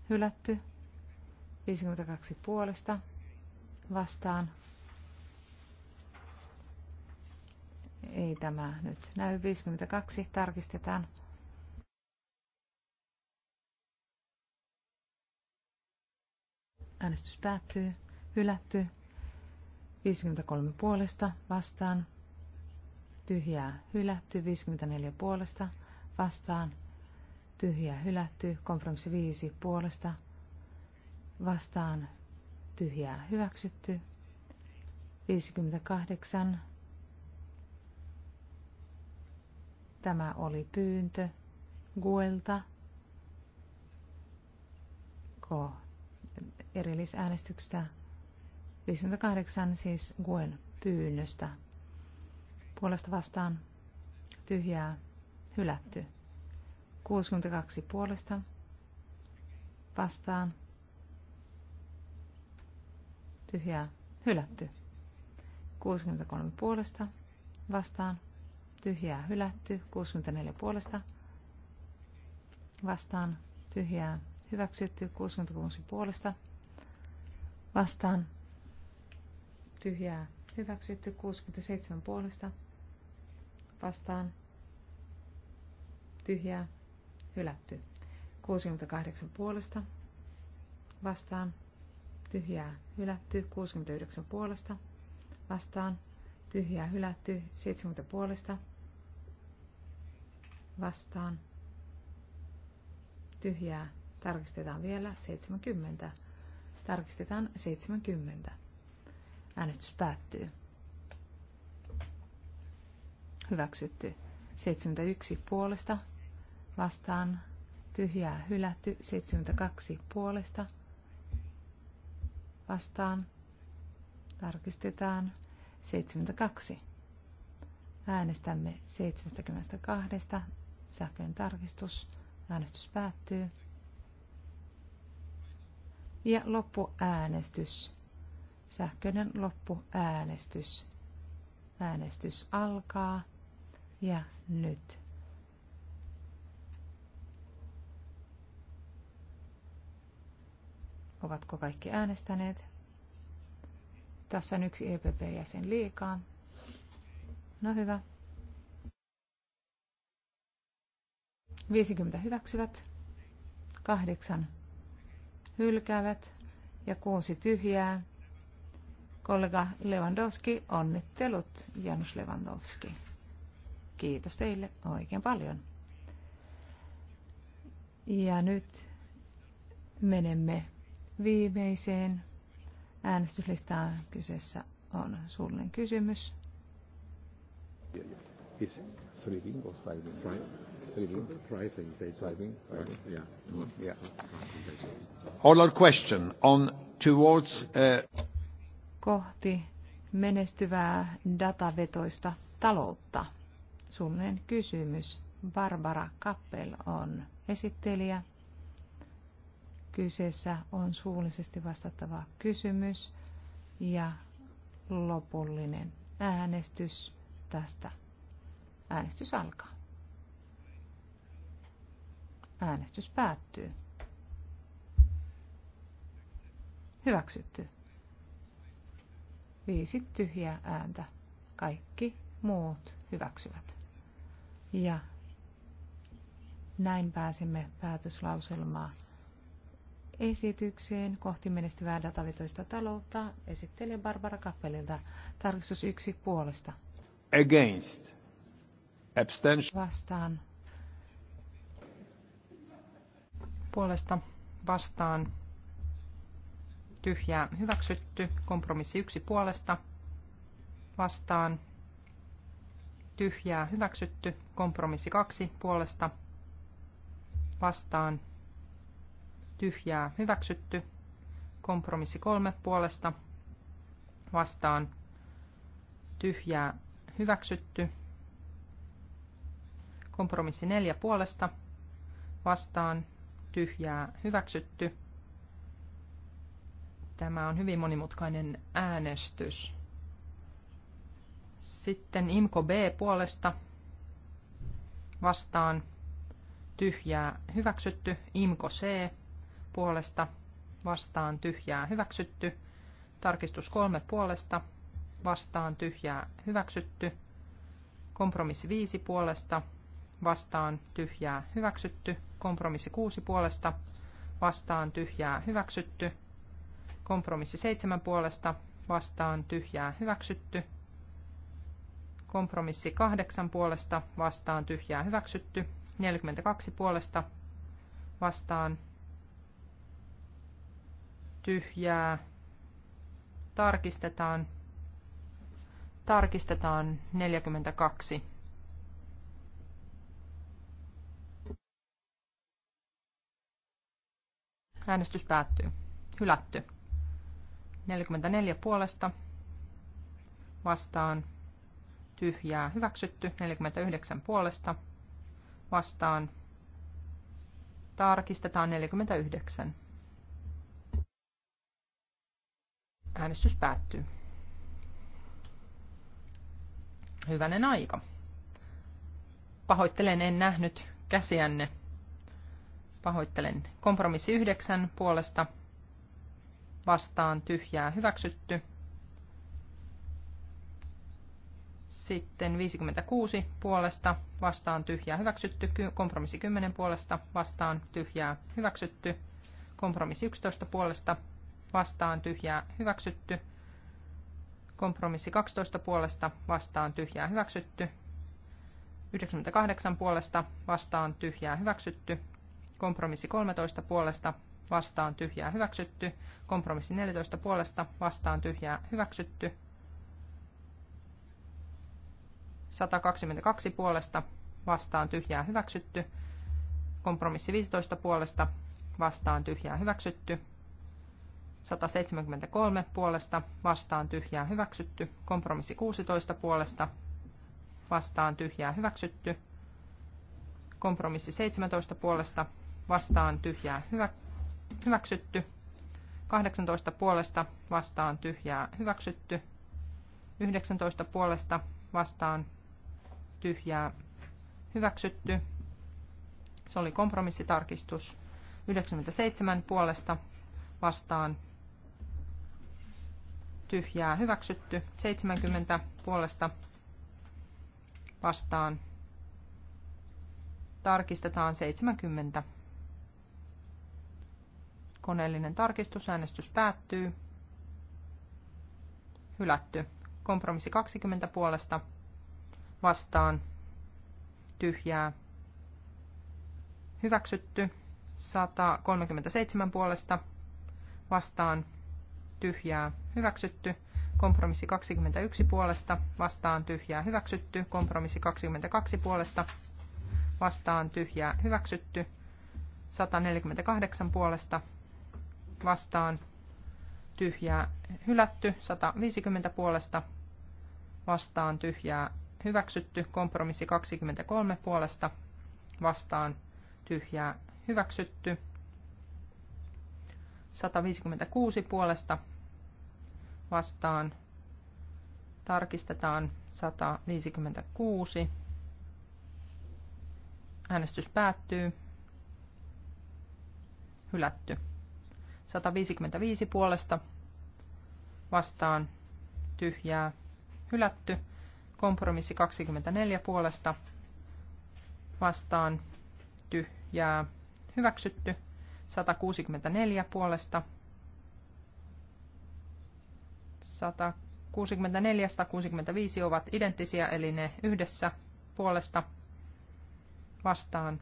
hylätty. 52 puolesta vastaan. Ei tämä nyt näy. 52 tarkistetaan. Äänestys päättyy. Hylätty. 53 puolesta vastaan. Tyhjää hylätty. 54 puolesta vastaan tyhjää hylätty, kompromissi 5 puolesta vastaan tyhjää hyväksytty, 58. Tämä oli pyyntö Guelta. k erillisäänestyksestä 58 siis Guen pyynnöstä. Puolesta vastaan tyhjää hylätty. 62 puolesta vastaan. Tyhjää hylätty. 63 puolesta vastaan. Tyhjää hylätty. 64 puolesta vastaan. Tyhjää hyväksytty. 66 puolesta vastaan. Tyhjää hyväksytty. 67 puolesta vastaan. Tyhjää hylätty. 68 puolesta vastaan tyhjää hylätty. 69 puolesta vastaan tyhjää hylätty. 70 puolesta vastaan tyhjää tarkistetaan vielä 70. Tarkistetaan 70. Äänestys päättyy. Hyväksytty. 71 puolesta vastaan tyhjää hylätty 72 puolesta vastaan tarkistetaan 72. Äänestämme 72. Sähköinen tarkistus. Äänestys päättyy. Ja loppuäänestys. Sähköinen loppuäänestys. Äänestys alkaa. Ja nyt Ovatko kaikki äänestäneet? Tässä on yksi EPP-jäsen liikaa. No hyvä. 50 hyväksyvät, 8 hylkäävät ja 6 tyhjää. Kollega Lewandowski, onnittelut Janus Lewandowski. Kiitos teille oikein paljon. Ja nyt menemme viimeiseen äänestyslistaan. Kyseessä on suullinen kysymys. question on uh, Kohti menestyvää datavetoista taloutta. Suullinen kysymys. Barbara Kappel on esittelijä. Kyseessä on suullisesti vastattava kysymys ja lopullinen äänestys tästä. Äänestys alkaa. Äänestys päättyy. Hyväksytty. Viisi tyhjää ääntä. Kaikki muut hyväksyvät. Ja näin pääsimme päätöslauselmaa esitykseen kohti menestyvää datavetoista taloutta esittelee Barbara Kappelilta tarkistus yksi puolesta. Against. Abstention. Vastaan. Puolesta vastaan. Tyhjää hyväksytty. Kompromissi yksi puolesta. Vastaan. Tyhjää hyväksytty. Kompromissi kaksi puolesta. Vastaan tyhjää hyväksytty. Kompromissi kolme puolesta vastaan tyhjää hyväksytty. Kompromissi neljä puolesta vastaan tyhjää hyväksytty. Tämä on hyvin monimutkainen äänestys. Sitten IMKO B puolesta vastaan tyhjää hyväksytty. IMKO C puolesta vastaan tyhjää hyväksytty. Tarkistus kolme puolesta vastaan tyhjää hyväksytty. Kompromissi viisi puolesta vastaan tyhjää hyväksytty. Kompromissi kuusi puolesta vastaan tyhjää hyväksytty. Kompromissi seitsemän puolesta vastaan tyhjää hyväksytty. Kompromissi kahdeksan puolesta vastaan tyhjää hyväksytty. 42 puolesta vastaan tyhjää. Tarkistetaan. Tarkistetaan 42. Äänestys päättyy. Hylätty. 44 puolesta. Vastaan. Tyhjää. Hyväksytty. 49 puolesta. Vastaan. Tarkistetaan 49. Äänestys päättyy. Hyvänen aika. Pahoittelen, en nähnyt käsiänne. Pahoittelen. Kompromissi 9 puolesta vastaan tyhjää hyväksytty. Sitten 56 puolesta vastaan tyhjää hyväksytty. Kompromissi 10 puolesta vastaan tyhjää hyväksytty. Kompromissi 11 puolesta vastaan tyhjää hyväksytty. Kompromissi 12 puolesta vastaan tyhjää hyväksytty. 98 puolesta vastaan tyhjää hyväksytty. Kompromissi 13 puolesta vastaan tyhjää hyväksytty. Kompromissi 14 puolesta vastaan tyhjää hyväksytty. 122 puolesta vastaan tyhjää hyväksytty. Kompromissi 15 puolesta vastaan tyhjää hyväksytty. 173 puolesta vastaan tyhjää hyväksytty. Kompromissi 16 puolesta vastaan tyhjää hyväksytty. Kompromissi 17 puolesta vastaan tyhjää hyvä, hyväksytty. 18 puolesta vastaan tyhjää hyväksytty. 19 puolesta vastaan tyhjää hyväksytty. Se oli kompromissitarkistus. 97 puolesta vastaan tyhjää hyväksytty. 70 puolesta vastaan. Tarkistetaan 70. Koneellinen tarkistusäänestys päättyy. Hylätty. Kompromissi 20 puolesta vastaan. Tyhjää. Hyväksytty. 137 puolesta vastaan. Tyhjää hyväksytty. Kompromissi 21 puolesta vastaan tyhjää hyväksytty. Kompromissi 22 puolesta vastaan tyhjää hyväksytty. 148 puolesta vastaan tyhjää hylätty. 150 puolesta vastaan tyhjää hyväksytty. Kompromissi 23 puolesta vastaan tyhjää hyväksytty. 156 puolesta vastaan. Tarkistetaan 156. Äänestys päättyy. Hylätty. 155 puolesta vastaan tyhjää hylätty. Kompromissi 24 puolesta vastaan tyhjää hyväksytty. 164 puolesta 164 165 ovat identtisiä, eli ne yhdessä puolesta vastaan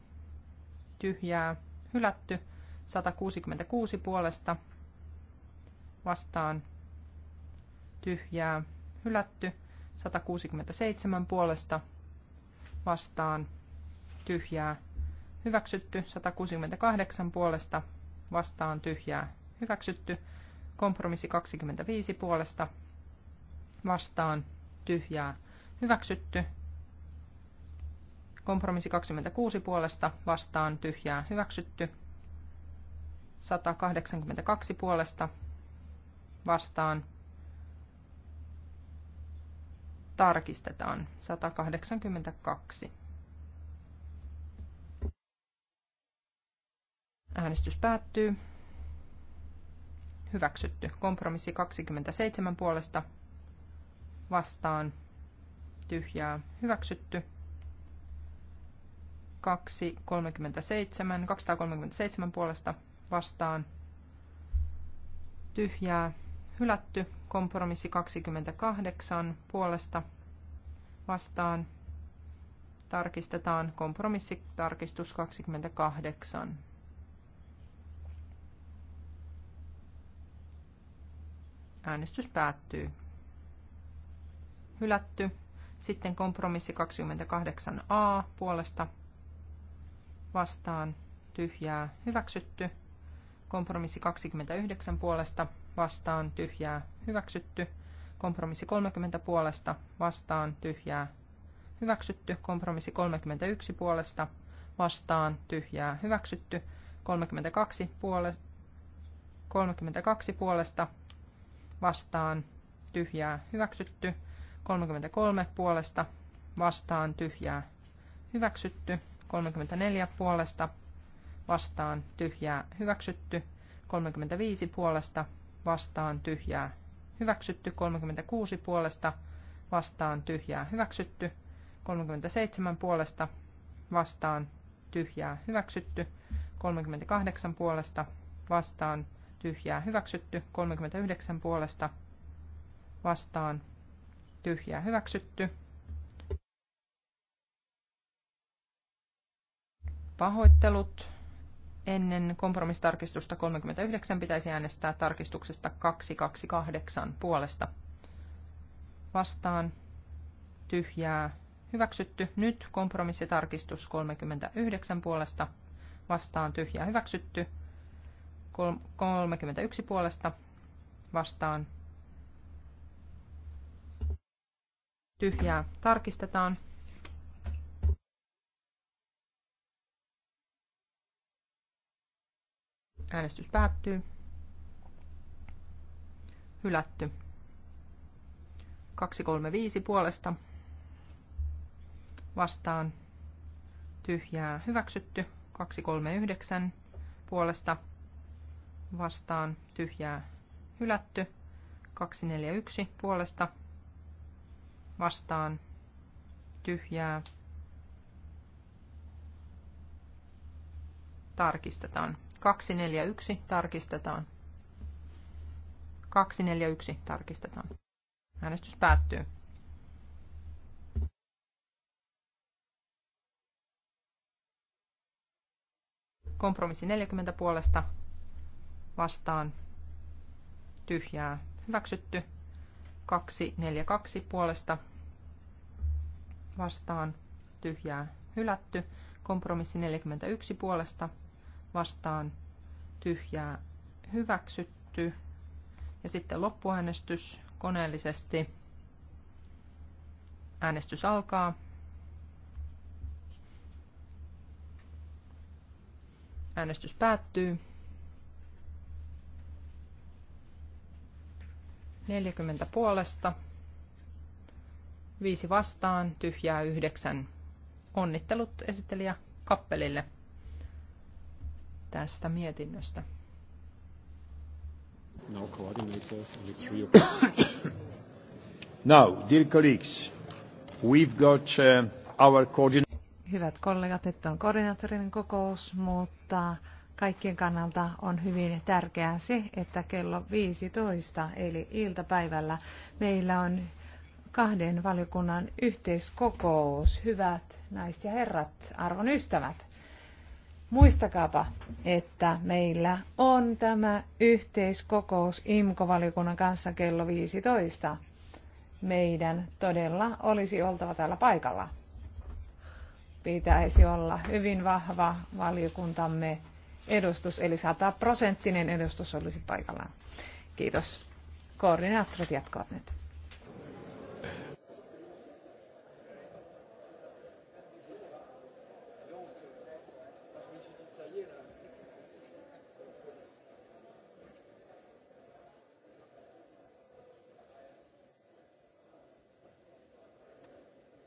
tyhjää hylätty. 166 puolesta vastaan tyhjää hylätty. 167 puolesta vastaan tyhjää hyväksytty. 168 puolesta vastaan tyhjää hyväksytty. Kompromissi 25 puolesta vastaan tyhjää hyväksytty. Kompromissi 26 puolesta vastaan tyhjää hyväksytty. 182 puolesta vastaan tarkistetaan 182. Äänestys päättyy. Hyväksytty. Kompromissi 27 puolesta vastaan tyhjää hyväksytty. 237, 237 puolesta vastaan tyhjää hylätty. Kompromissi 28 puolesta vastaan tarkistetaan kompromissitarkistus 28. Äänestys päättyy. Hylätty. Sitten kompromissi 28a puolesta vastaan tyhjää hyväksytty. Kompromissi 29 puolesta vastaan tyhjää hyväksytty. Kompromissi 30 puolesta vastaan tyhjää hyväksytty. Kompromissi 31 puolesta vastaan tyhjää hyväksytty. 32 puolesta 32 puolesta vastaan tyhjää hyväksytty. 33 puolesta vastaan tyhjää hyväksytty. 34 puolesta vastaan tyhjää hyväksytty. 35 puolesta vastaan tyhjää hyväksytty. 36 puolesta vastaan tyhjää hyväksytty. 37 puolesta vastaan tyhjää hyväksytty. 38 puolesta vastaan tyhjää hyväksytty, 39 puolesta vastaan tyhjää hyväksytty. Pahoittelut. Ennen kompromistarkistusta 39 pitäisi äänestää tarkistuksesta 228 puolesta. Vastaan tyhjää hyväksytty. Nyt kompromissitarkistus 39 puolesta vastaan tyhjää hyväksytty. 31 puolesta vastaan. Tyhjää tarkistetaan. Äänestys päättyy. Hylätty. 235 puolesta. Vastaan. Tyhjää hyväksytty. 239 puolesta vastaan tyhjää hylätty. 241 puolesta vastaan tyhjää tarkistetaan. 241 tarkistetaan. 241 tarkistetaan. Äänestys päättyy. Kompromissi 40 puolesta vastaan tyhjää hyväksytty. 2 puolesta vastaan tyhjää hylätty. Kompromissi 41 puolesta vastaan tyhjää hyväksytty. Ja sitten loppuäänestys koneellisesti. Äänestys alkaa. Äänestys päättyy. 40 puolesta, 5 vastaan, tyhjää 9. Onnittelut esittelijä Kappelille tästä mietinnöstä. Now coordinators and it's three <coughs> Now, dear colleagues, we've got uh, our coordinator. Hyvät kollegat, nyt on koordinaattorinen kokous, mutta kaikkien kannalta on hyvin tärkeää se, että kello 15 eli iltapäivällä meillä on kahden valiokunnan yhteiskokous. Hyvät naiset ja herrat, arvon ystävät, muistakaapa, että meillä on tämä yhteiskokous IMKO-valiokunnan kanssa kello 15. Meidän todella olisi oltava täällä paikalla. Pitäisi olla hyvin vahva valiokuntamme edustus, eli 100 prosenttinen edustus olisi paikallaan. Kiitos. Koordinaattorit jatkavat nyt.